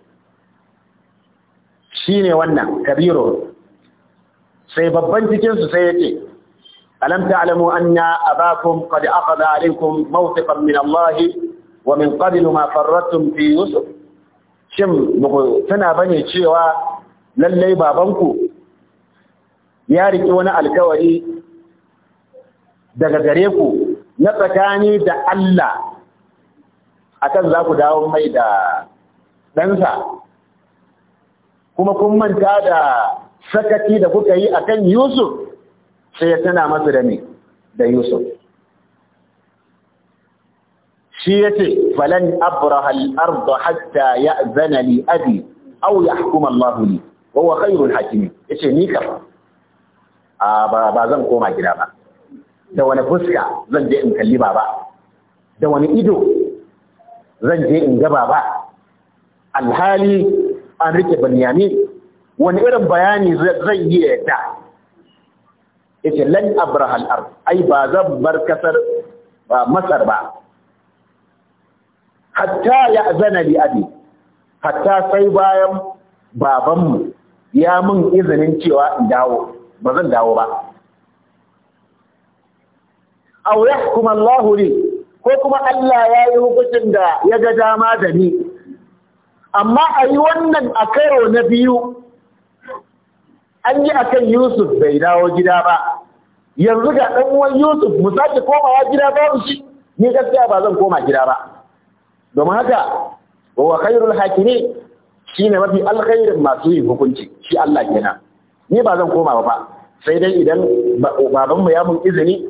Shi ne wannan kabiru sai babban cikinsu sai yake alam a bakun abakum aka akhadha alaykum mawqifan min Allah wa min kwadilu ma fi yusuf shin tana bane cewa lallai babanku ya riki wani alkawari daga gare ku na tsakani da Allah akan za ku dawo mai da ɗansa kuma kun manta da sakaci da kuka yi akan Yusuf sai ya tana masa da me da Yusuf shi yace falan abraha al-ardh hatta ya'zana li abi aw yahkuma Allah li wa huwa khairul hakimin yace ni ka a ba ba zan koma gida ba da wani fuska zan je in kalli baba da wani ido zan je in ga baba alhali an rike banyamin, wani irin bayani zai yi ya yadda lan abrahal ard ai ba zan bar kasar ba masar ba hatta ya'zana li abi hatta sai bayan babanmu ya mun izinin cewa in dawo ba zan dawo ba aw yahkum Allahu li ko kuma Allah ya yi hukuncin da ya ga dama da ni amma a yi wannan a karo na biyu an yi a kan yusuf bai dawo gida ba yanzu ga ɗan yusuf mu sake komawa gida ba shi ni gaskiya ba zan koma gida ba domin haka wa ne shi shine mafi alkhairin masu yin hukunci shi Allah kenan ni ba zan koma ba sai dai idan babanmu ya mun izini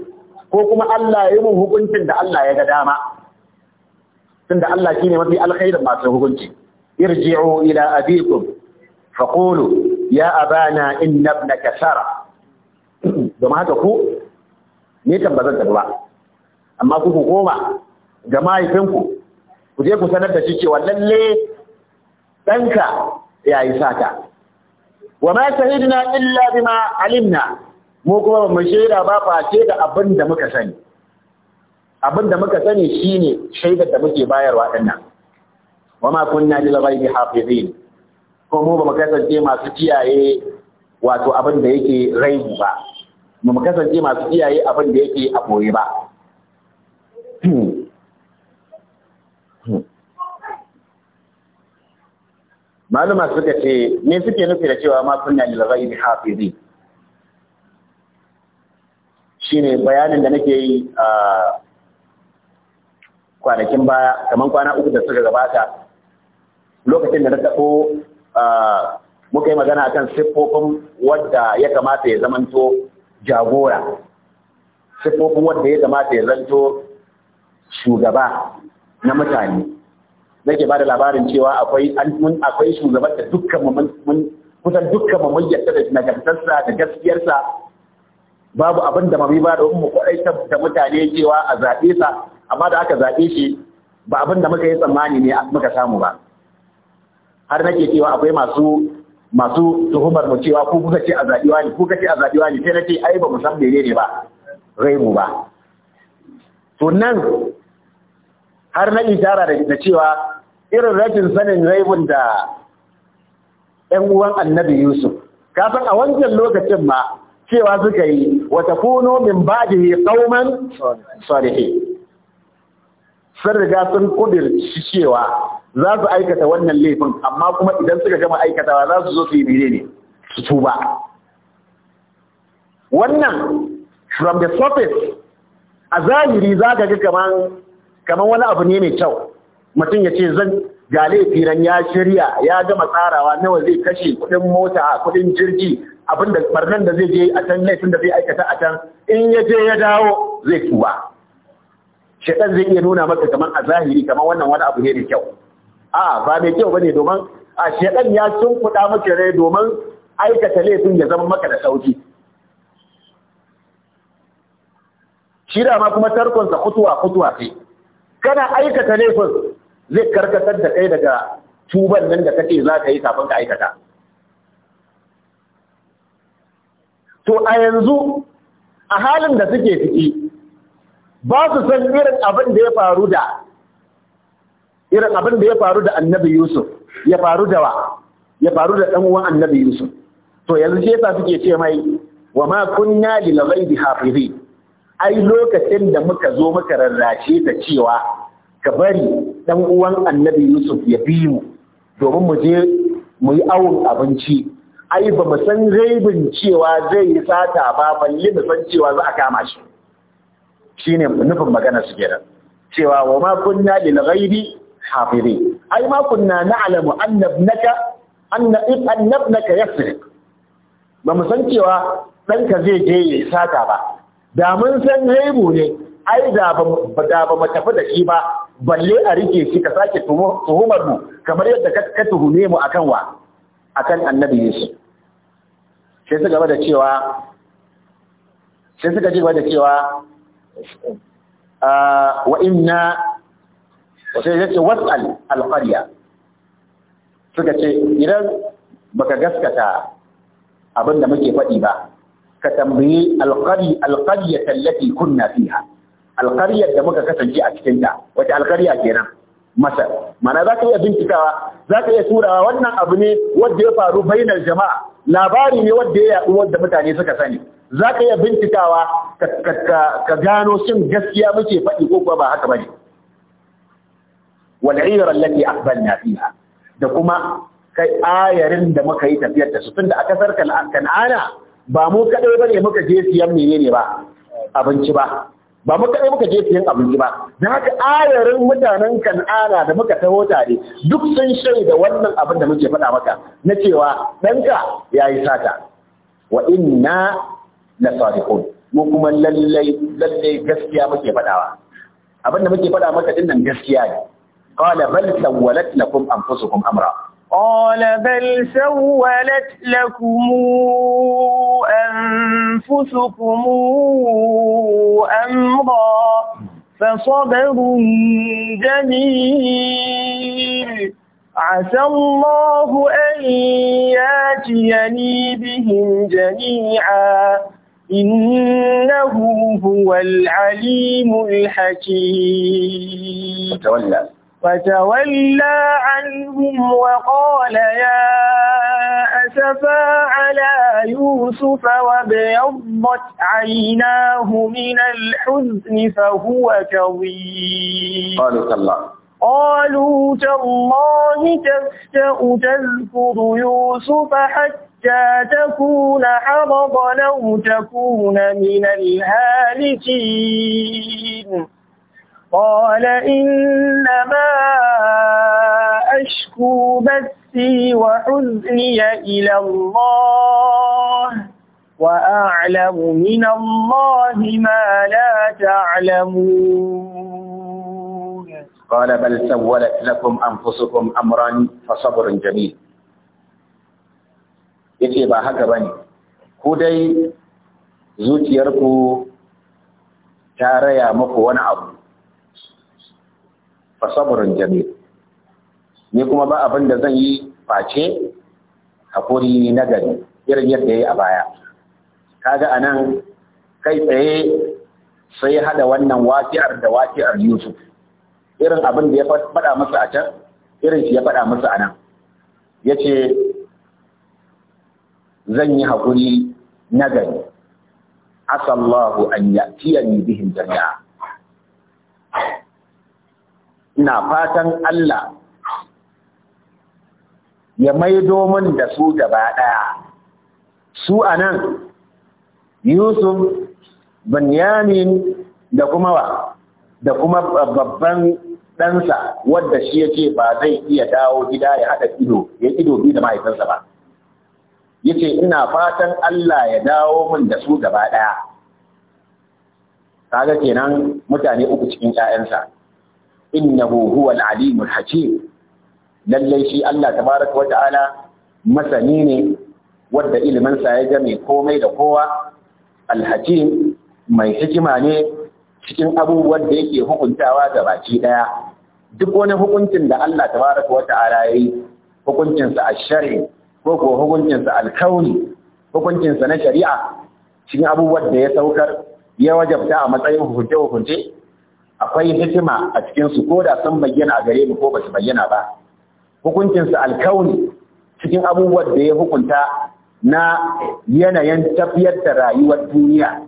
ko kuma Allah ya mun hukuncin da Allah ya ga dama tunda Allah shine mafi alkhairin masu hukunci irji'u ila abikum faqulu ya abana inna ibnaka sara domin haka ku ne tambazan ba amma ku koma ga mahaifinku ku je ku sanar da shi cewa lalle ɗanka ya yi sata wa ma shahidna illa bima alimna mu kuma ba mu shaida ba face da abinda muka sani abin da muka sani shine shaidar da muke bayarwa ɗannan wa ma kunna lil ghaibi hafizin ko mu ba mu kasance masu kiyaye wato abin da yake raibu ba ba mu kasance masu kiyaye abin da yake a koyi ba maluma suka ce me suke nufi da cewa ma kunna lil ghaibi hafizin shine bayanin da nake yi a ah, kwanakin baya kamar kwana uku da suka gabata lokacin da na tafi muka yi magana akan siffofin wadda ya kamata ya zamanto jagora siffofin wadda ya kamata ya zanto shugaba na mutane nake ba da labarin cewa akwai akwai shugaban da dukkan mun kusan dukkan mu mun yarda da nagartarsa da gaskiyarsa babu abin da mami ba da mu kwarai da mutane cewa a zaɓe sa amma da aka zaɓe shi ba abin da muka yi tsammani ne muka samu ba har nake cewa akwai masu masu tuhumar mu cewa ko kuka ce a zaɓiwa ne kuka ce a zaɓiwa ne sai na ai ba mu san ne ba mu ba to nan har na ishara da cewa irin rashin sanin raibun da ‘yan uwan annabi Yusuf ka san a wancan lokacin ma cewa suka yi wata kuno min ba'dihi kauman salihin sun riga sun kudirci cewa za su aikata wannan laifin amma kuma idan suka gama aikatawa za su zo su yi ne su tuba wannan from the surface a zahiri za ka ga kaman wani abu ne mai kyau mutum ya ce zan ga laifiran ya shirya ya gama tsarawa nawa zai kashe kudin mota kudin jirgi abinda barnan da zai je a can laifin da zai aikata a can in ya je ya dawo zai tuba shekan zai iya nuna maka kaman a zahiri kaman wannan wani abu ne mai kyau a ba mai kyau bane domin a shekan ya kuɗa maka rai domin aikata laifin ya zama maka da sauki shi da ma kuma tarkonsa kutuwa kutuwa sai kana aikata laifin zai karkatar da kai daga tuban nan da kake za ka yi kafin ka aikata to a yanzu a halin da suke ciki ba su san irin abin da ya faru da irin abin da ya faru da annabi Yusuf ya faru da wa ya faru da dan uwan annabi Yusuf to yanzu shi yasa suke ce mai wa ma kunna lil ghaibi hafizi ai lokacin da muka zo muka rarrashe ta cewa ka bari dan uwan annabi Yusuf ya bi mu domin mu je mu yi awon abinci ai ba mu san gaibin cewa zai yi sata ba balle mu san cewa za a kama shi shine nufin magana su kenan cewa wa ma kunna lil ghaibi حافظين أي ما كنا نعلم أن ابنك أن أن ابنك يسرق بمسان cewa danka zai je ya saka ba da mun san haibu ne ai da ba da ba mu tafi da shi ba balle a rike shi ka sake tuhumar mu kamar yadda ka tuhume mu akan wa akan annabi Yesu sai suka gaba da cewa sai suka ji gaba da cewa wa inna sai ya ce wasan suka ce idan baka gaskata abin da muke faɗi ba ka tambayi alƙari alƙarya tallafi kunna fiha alƙaryar da muka kasance a cikin ta wace ke nan? masar mana za ka iya bincikawa za ka iya turawa wannan abu ne wanda ya faru bainar jama'a labari ne wanda ya yaɗu wadda mutane suka sani za ka iya bincikawa ka gano shin gaskiya muke faɗi ko ba haka ba ne wal'ira allati aqbalna fiha da kuma kai ayarin da muka yi tafiyar da su da a kasar Kan'ana ba mu kaɗai ba ne muka je siyan menene ba abinci ba ba mu kaɗai muka je siyan abinci ba dan haka ayarin mutanen Kan'ana da muka taho tare duk sun shaida wannan abin da muke faɗa maka na cewa ɗanka ya yi sata wa inna la sadiqun mu kuma lallai lallai gaskiya muke faɗawa abin da muke faɗa maka dinnan gaskiya ne قال بل سولت لكم أنفسكم أمرا قال بل سولت لكم أنفسكم أمرا فصبر جميل عسى الله أن ياتيني بهم جميعا إنه هو العليم الحكيم تولى فتولى عنهم وقال يا أسفا على يوسف وابيضت عيناه من الحزن فهو كظيم قالوا تالله قالوا تالله تفتأ تذكر يوسف حتى تكون حرضا أو تكون من الهالكين قال إنما أشكو بثي وحزني إلى الله وأعلم من الله ما لا تعلمون قال بل سولت لكم أنفسكم أمرا فصبر جميل yace ba haka bane ku dai zuciyarku ta raya muku wani abu fa sabrun jamil ni kuma ba abin da zan yi face hakuri na gari irin yadda yayi a baya kaga anan kai tsaye sai hada wannan waƙi'ar da wafi'ar Yusuf irin abin da ya faɗa masa a can irin shi ya faɗa masa a nan yace zan yi hakuri na gari asallahu an ya'tiyani bihim jami'a ina fatan Allah ya maido min da su gaba ɗaya. Su a nan, Yusuf, Binyamin, da kuma wa, da kuma babban ɗansa wadda shi ya ce ba zai iya dawo gida ya haɗa ido, ya ido biyu da mahaifinsa ba. Ya ce ina fatan Allah ya dawo min da su gaba ɗaya. Kaga kenan mutane uku cikin ‘ya'yansa. innahu huwal alimul hakim lallai shi Allah tabaraka wata'ala masani ne wanda iliminsa ya game komai da kowa alhakim mai hikima ne cikin abubuwan da yake hukuntawa ga baki daya duk wani hukuncin da Allah tabaraka wata'ala yayi hukuncin sa ash-shari ko ko hukuncin sa al-kauni hukuncin sa na shari'a cikin abubuwan da ya saukar ya wajabta a matsayin hukunce hukunce akwai hikima a cikin su ko da sun bayyana a gare mu ko ba su bayyana ba hukuncin su alkauni cikin abubuwan da ya hukunta na yanayin tafiyar da rayuwar duniya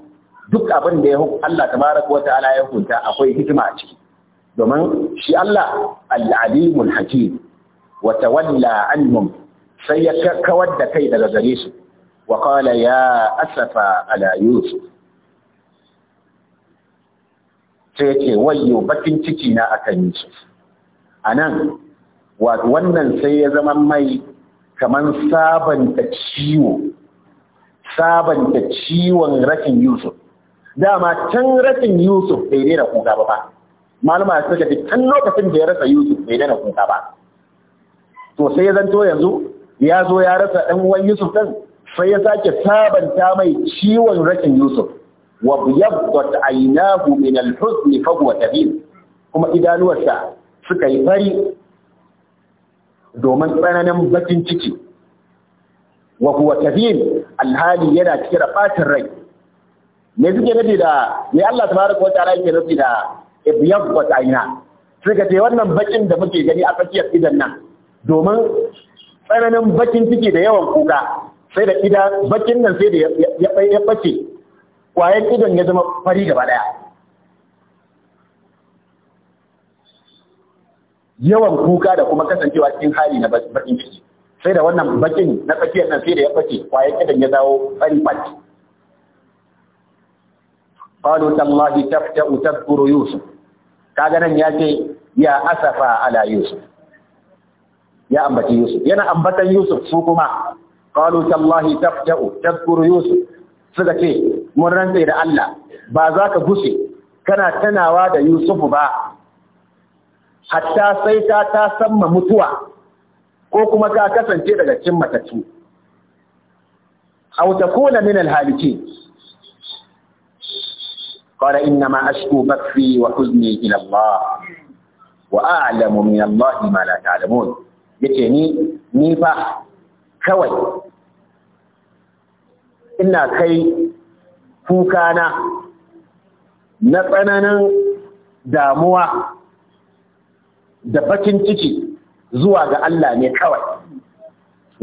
duk abin da ya Allah tabaraka wa ta'ala ya hukunta akwai hikima a ciki domin shi Allah al-alimul hakim wa tawalla anhum sai ya kawar da kai daga gare su wa qala ya asafa ala yusuf sai ce wayo bakin ciki na akan Yusuf a nan wannan sai ya zama mai kamar sabanta ciwo sabanta ciwon rashin Yusuf dama can rashin Yusuf bai daina kuka ba malama suka can lokacin da ya rasa Yusuf bai daina kuka ba to sai ya zanto yanzu ya zo ya rasa ɗan uwan Yusuf ɗin sai ya sake sabanta mai ciwon rashin Yusuf wa biyaddat aynahu min al-huzn fa huwa tabin kuma idanuwarsa suka yi fari domin tsananin bakin ciki wa huwa tabin alhali yana cikin fatin rai me suke nabi da me Allah tabaraka wa ta'ala yake nabi da biyaddat ayna suka ce wannan bakin da muke gani a tsakiyar idan nan domin tsananin bakin ciki da yawan kuka sai da ida bakin nan sai da ya bace kwayan idon ya zama fari gaba daya yawan kuka da kuma kasancewa cikin hali na bakin ciki sai da wannan bakin na tsakiyar nan sai da ya fake kwayan idon ya dawo fari fati qalu tallahi tafta'u tadhkuru yusuf kaga nan ya ce ya asafa ala yusuf ya ambaci yusuf yana ambatan yusuf su kuma qalu tallahi tafta'u kuru yusuf suka ce mun rantse da Allah ba za ka gushe kana tanawa da Yusufu ba hatta sai ta ta samma mutuwa ko kuma ta kasance daga cikin matattu aw takuna min al qala inna ma ashku bakfi wa huzni ila Allah wa a'lamu min Allah ma la ta'lamun yace ni ni fa kawai ina kai kukana na tsananin damuwa da bakin ciki zuwa ga Allah ne kawai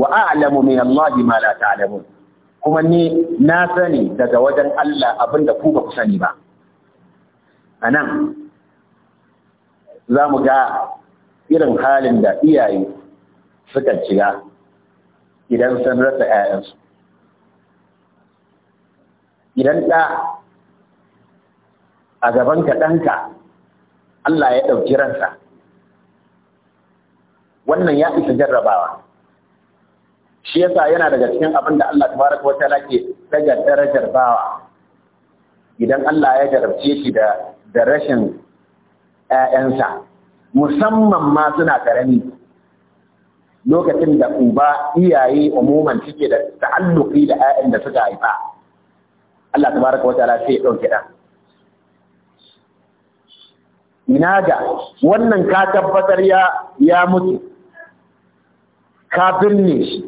wa a'lamu min Allah ma la ta'lamun kuma ni na sani daga wajen Allah abinda ku ba ku sani ba anan zamu ga irin halin da iyaye suka ciya idan sun rasa 'ya'yansu idan ɗa a gaban ka ɗanka Allah ya ɗauki ransa wannan ya isa jarrabawa shi yasa yana daga cikin abin da Allah wa ta'ala ke daga darajar bawa idan Allah ya jarabce shi da da rashin ƴaƴansa musamman ma suna karami lokacin da uba iyaye umuman suke da ta'alluqi da ƴaƴan da suka haifa Allah tabaraka wata sai ya dauke ɗan. ina ga wannan ka tabbatar ya mutu ka binne shi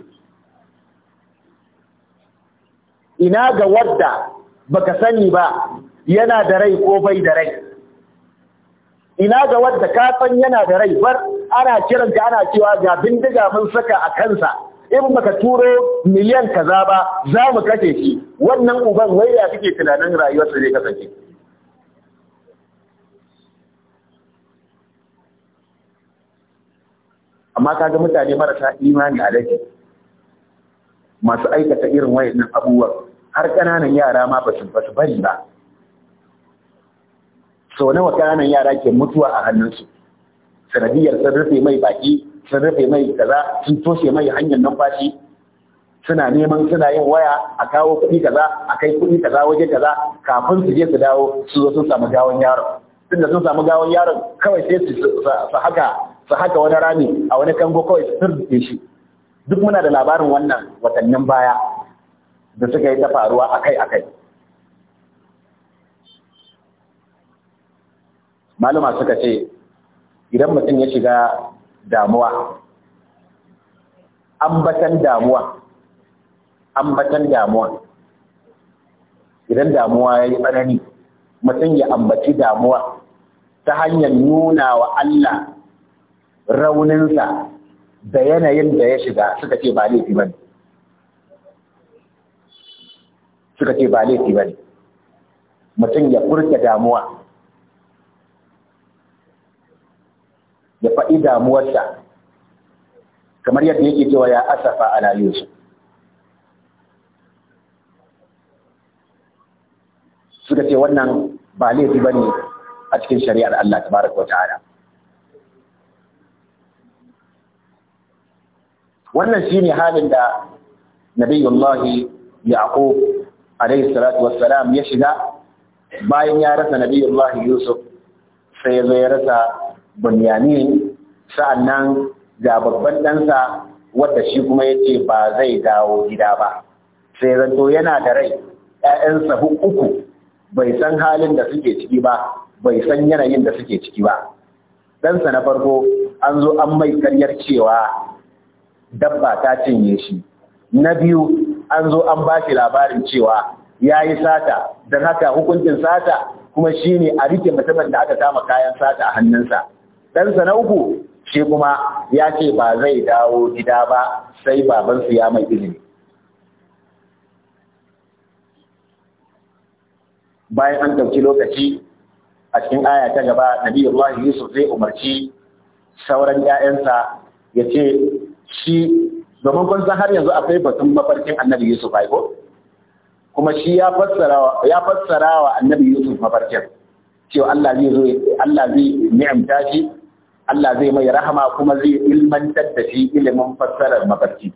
ina ga wadda baka sani ba yana da rai ko bai da rai ina ga wadda ka san yana da rai bar ana kiranta ana cewa ga bindiga mun saka a kansa in baka turo miliyan kaza ba za mu kashe shi wannan uban wai ya kake tunanin rayuwarsa zai kasance amma ka ga mutane marasa imani a dake masu aikata irin wayannan abubuwa har ƙananan yara ma ba su bari ba sau nawa ƙananan yara ke mutuwa a hannunsu sanadiyar sun rufe mai baki sun rufe mai kaza sun toshe mai hanyar numfashi suna neman suna yin waya a kawo kuɗi kaza a kai kuɗi kaza waje kaza kafin su je su dawo su zo sun samu gawan yaron da sun samu gawan yaron kawai sai su haka su haka wani rami a wani kango kawai su rufe shi duk muna da labarin wannan watannin baya da suka yi ta faruwa akai-akai maluma suka ce idan mutum ya shiga damuwa ambatan damuwa ambatan damuwa idan damuwa ya yi tsanani mutum ya ambaci damuwa ta hanyar nuna wa Allah rauninsa da yanayin da ya shiga suka ce ba laifi ba suka ce ba laifi ba mutum ya furta damuwa ya faɗi damuwarsa kamar yadda yake cewa ya asafa a layuwarsa. suka ce wannan ba laifi ba ne a cikin shari'ar Allah ta baraka wata ta'ala wannan shi ne halin da nabiyullahi yaqub alayhi salatu wassalam ya shiga bayan ya rasa nabiyullahi yusuf sai ya zo ya rasa bunyamin sa'annan ga babban ɗansa wadda shi kuma ya ce ba zai dawo gida ba sai zanto yana da rai ‘ya'yansa uku bai san halin da suke ciki ba bai san yanayin da suke ciki ba ɗansa na farko an zo an mai karyar cewa dabba ta cinye shi na biyu an zo an ba shi labarin cewa ya yi sata don haka hukuncin sata kuma shi ne a rike mutumin da aka kama kayan sata a hannunsa ɗansa na uku shi kuma ya ce ba zai dawo gida ba sai babansu ya mai ilimi. bayan an ɗauki lokaci a cikin aya ta gaba nabi Allah Yusuf zai umarci sauran ‘ya'yansa ya ce shi domin kun san har yanzu akwai batun mafarkin annabi Yusuf aiko kuma shi ya fassara wa annabi Yusuf mafarkin cewa Allah zai zo Allah zai ni'amta shi Allah zai mai rahama kuma zai ilmantar da shi ilimin fassarar mafarki.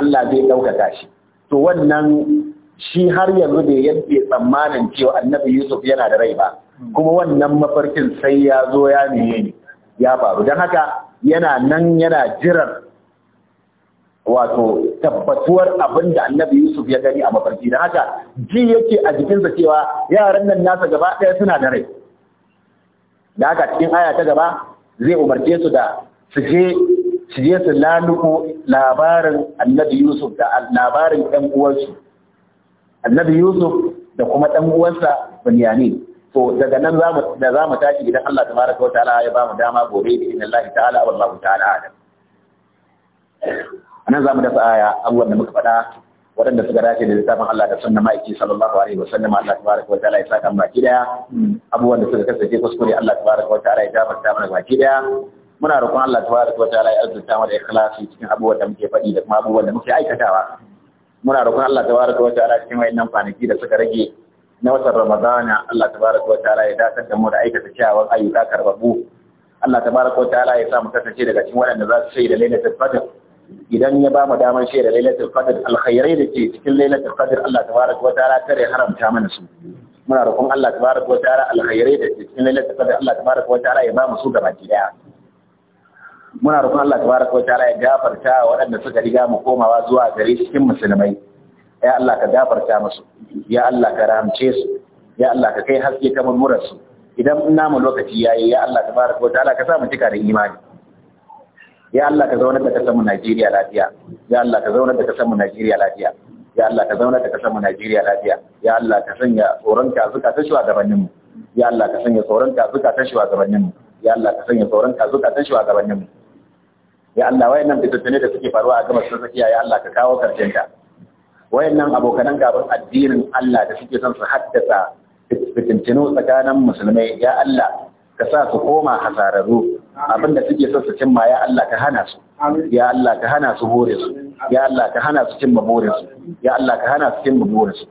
Allah zai ɗaukaka shi. To wannan shi har yanzu da yanke tsammanin cewa annabi Yusuf yana da rai ba, kuma wannan mafarkin sai ya zo ya ne ya faru. Don haka yana nan yana jiran wato tabbatuwar abin da annabi Yusuf ya gani a mafarki. Don haka ji yake a jikinsa cewa yaran nan nasa gaba ɗaya suna da rai. da haka cikin aya ta gaba zai umarce su da su je su je su labarin annabi Yusuf da labarin ɗan uwansu annabi Yusuf da kuma ɗan uwansa bunyani to daga nan da za mu tashi idan Allah tabaraka wa ta'ala ya ba mu dama gobe da inna Allah ta'ala wallahu ta'ala alam anan za mu dafa aya abubuwan da muka faɗa waɗanda suka dace da littafin Allah da sunna ma'aiki sallallahu alaihi wa sallam Allah tabaraka wa ta'ala ya saka mu baki daya abubuwan da suka kasance kuskure Allah tabaraka wa ta'ala ya gafarta mana baki daya muna roƙon Allah tabaraka wa ta'ala ya azurta mana da ikhlasi cikin abubuwan da muke faɗi da kuma abubuwan da muke aikatawa muna roƙon Allah tabaraka wa ta'ala cikin wayannan kwanaki da suka rage na watan Ramadana Allah tabaraka wa ta'ala ya dakatar da mu da aikata kyawun ayyuka karbabu Allah tabaraka wa ta'ala ya sa mu kasance daga cikin waɗanda za su shaida lailatul qadr idan ya ba mu daman shaida lailatul qadr alkhairai da ke cikin lailatul qadr Allah tabaraka wataala kare haramta mana su muna roƙon Allah tabaraka wataala alkhairai da ke cikin lailatul qadr Allah tabaraka wataala ya ba mu su gaba daya muna roƙon Allah tabaraka wataala ya gafarta waɗanda suka riga mu komawa zuwa gare cikin musulmai ya Allah ka gafarta musu ya Allah ka rahamce su ya Allah ka kai haske ta murmurar su idan namu lokaci yayi ya Allah tabaraka wataala ka sa mu cika da imani ya Allah ka zaunar da kasar mu Najeriya lafiya ya Allah ka zaunar da kasar mu Najeriya lafiya ya Allah ka zaunar da kasar mu Najeriya lafiya ya Allah ka sanya tsoron ka zuka ta shugabannin mu ya Allah ka sanya tsoron ka zuka ta shugabannin mu ya Allah ka sanya tsoron ka zuka ta shugabannin mu ya Allah wayannan fitattune da suke faruwa a gabas tsakiya ya Allah ka kawo karshen ta wayannan abokanan gaban addinin Allah da suke son su haddasa fitintinu tsakanin musulmai ya Allah ka sa su koma hasararru abinda suke so su cimma ya Allah ka hana su ya Allah ka hana su hore su ya Allah ka hana su cimma hore su ya Allah ka hana su cimma hore su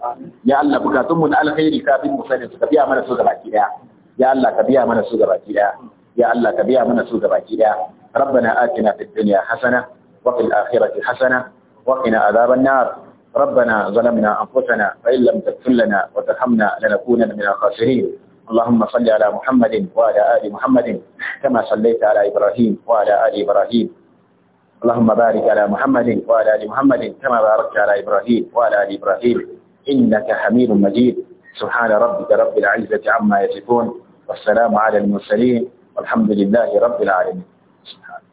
ya Allah bukatun mu na alkhairi ka bi mu sani su ka biya mana su gabaki daya ya Allah ka biya mana su gabaki daya ya Allah ka biya mana su gabaki daya ربنا آتنا في الدنيا حسنة وفي الآخرة حسنة وقنا عذاب النار ربنا ظلمنا أنفسنا فإن لم تغفر لنا وترحمنا لنكونن من الخاسرين اللهم صل على محمد وعلى آل محمد كما صليت على إبراهيم وعلى آل إبراهيم اللهم بارك على محمد وعلى آل محمد كما باركت على إبراهيم وعلى آل إبراهيم إنك حميد مجيد سبحان ربك رب العزة عما يصفون والسلام على المرسلين والحمد لله رب العالمين سبحانه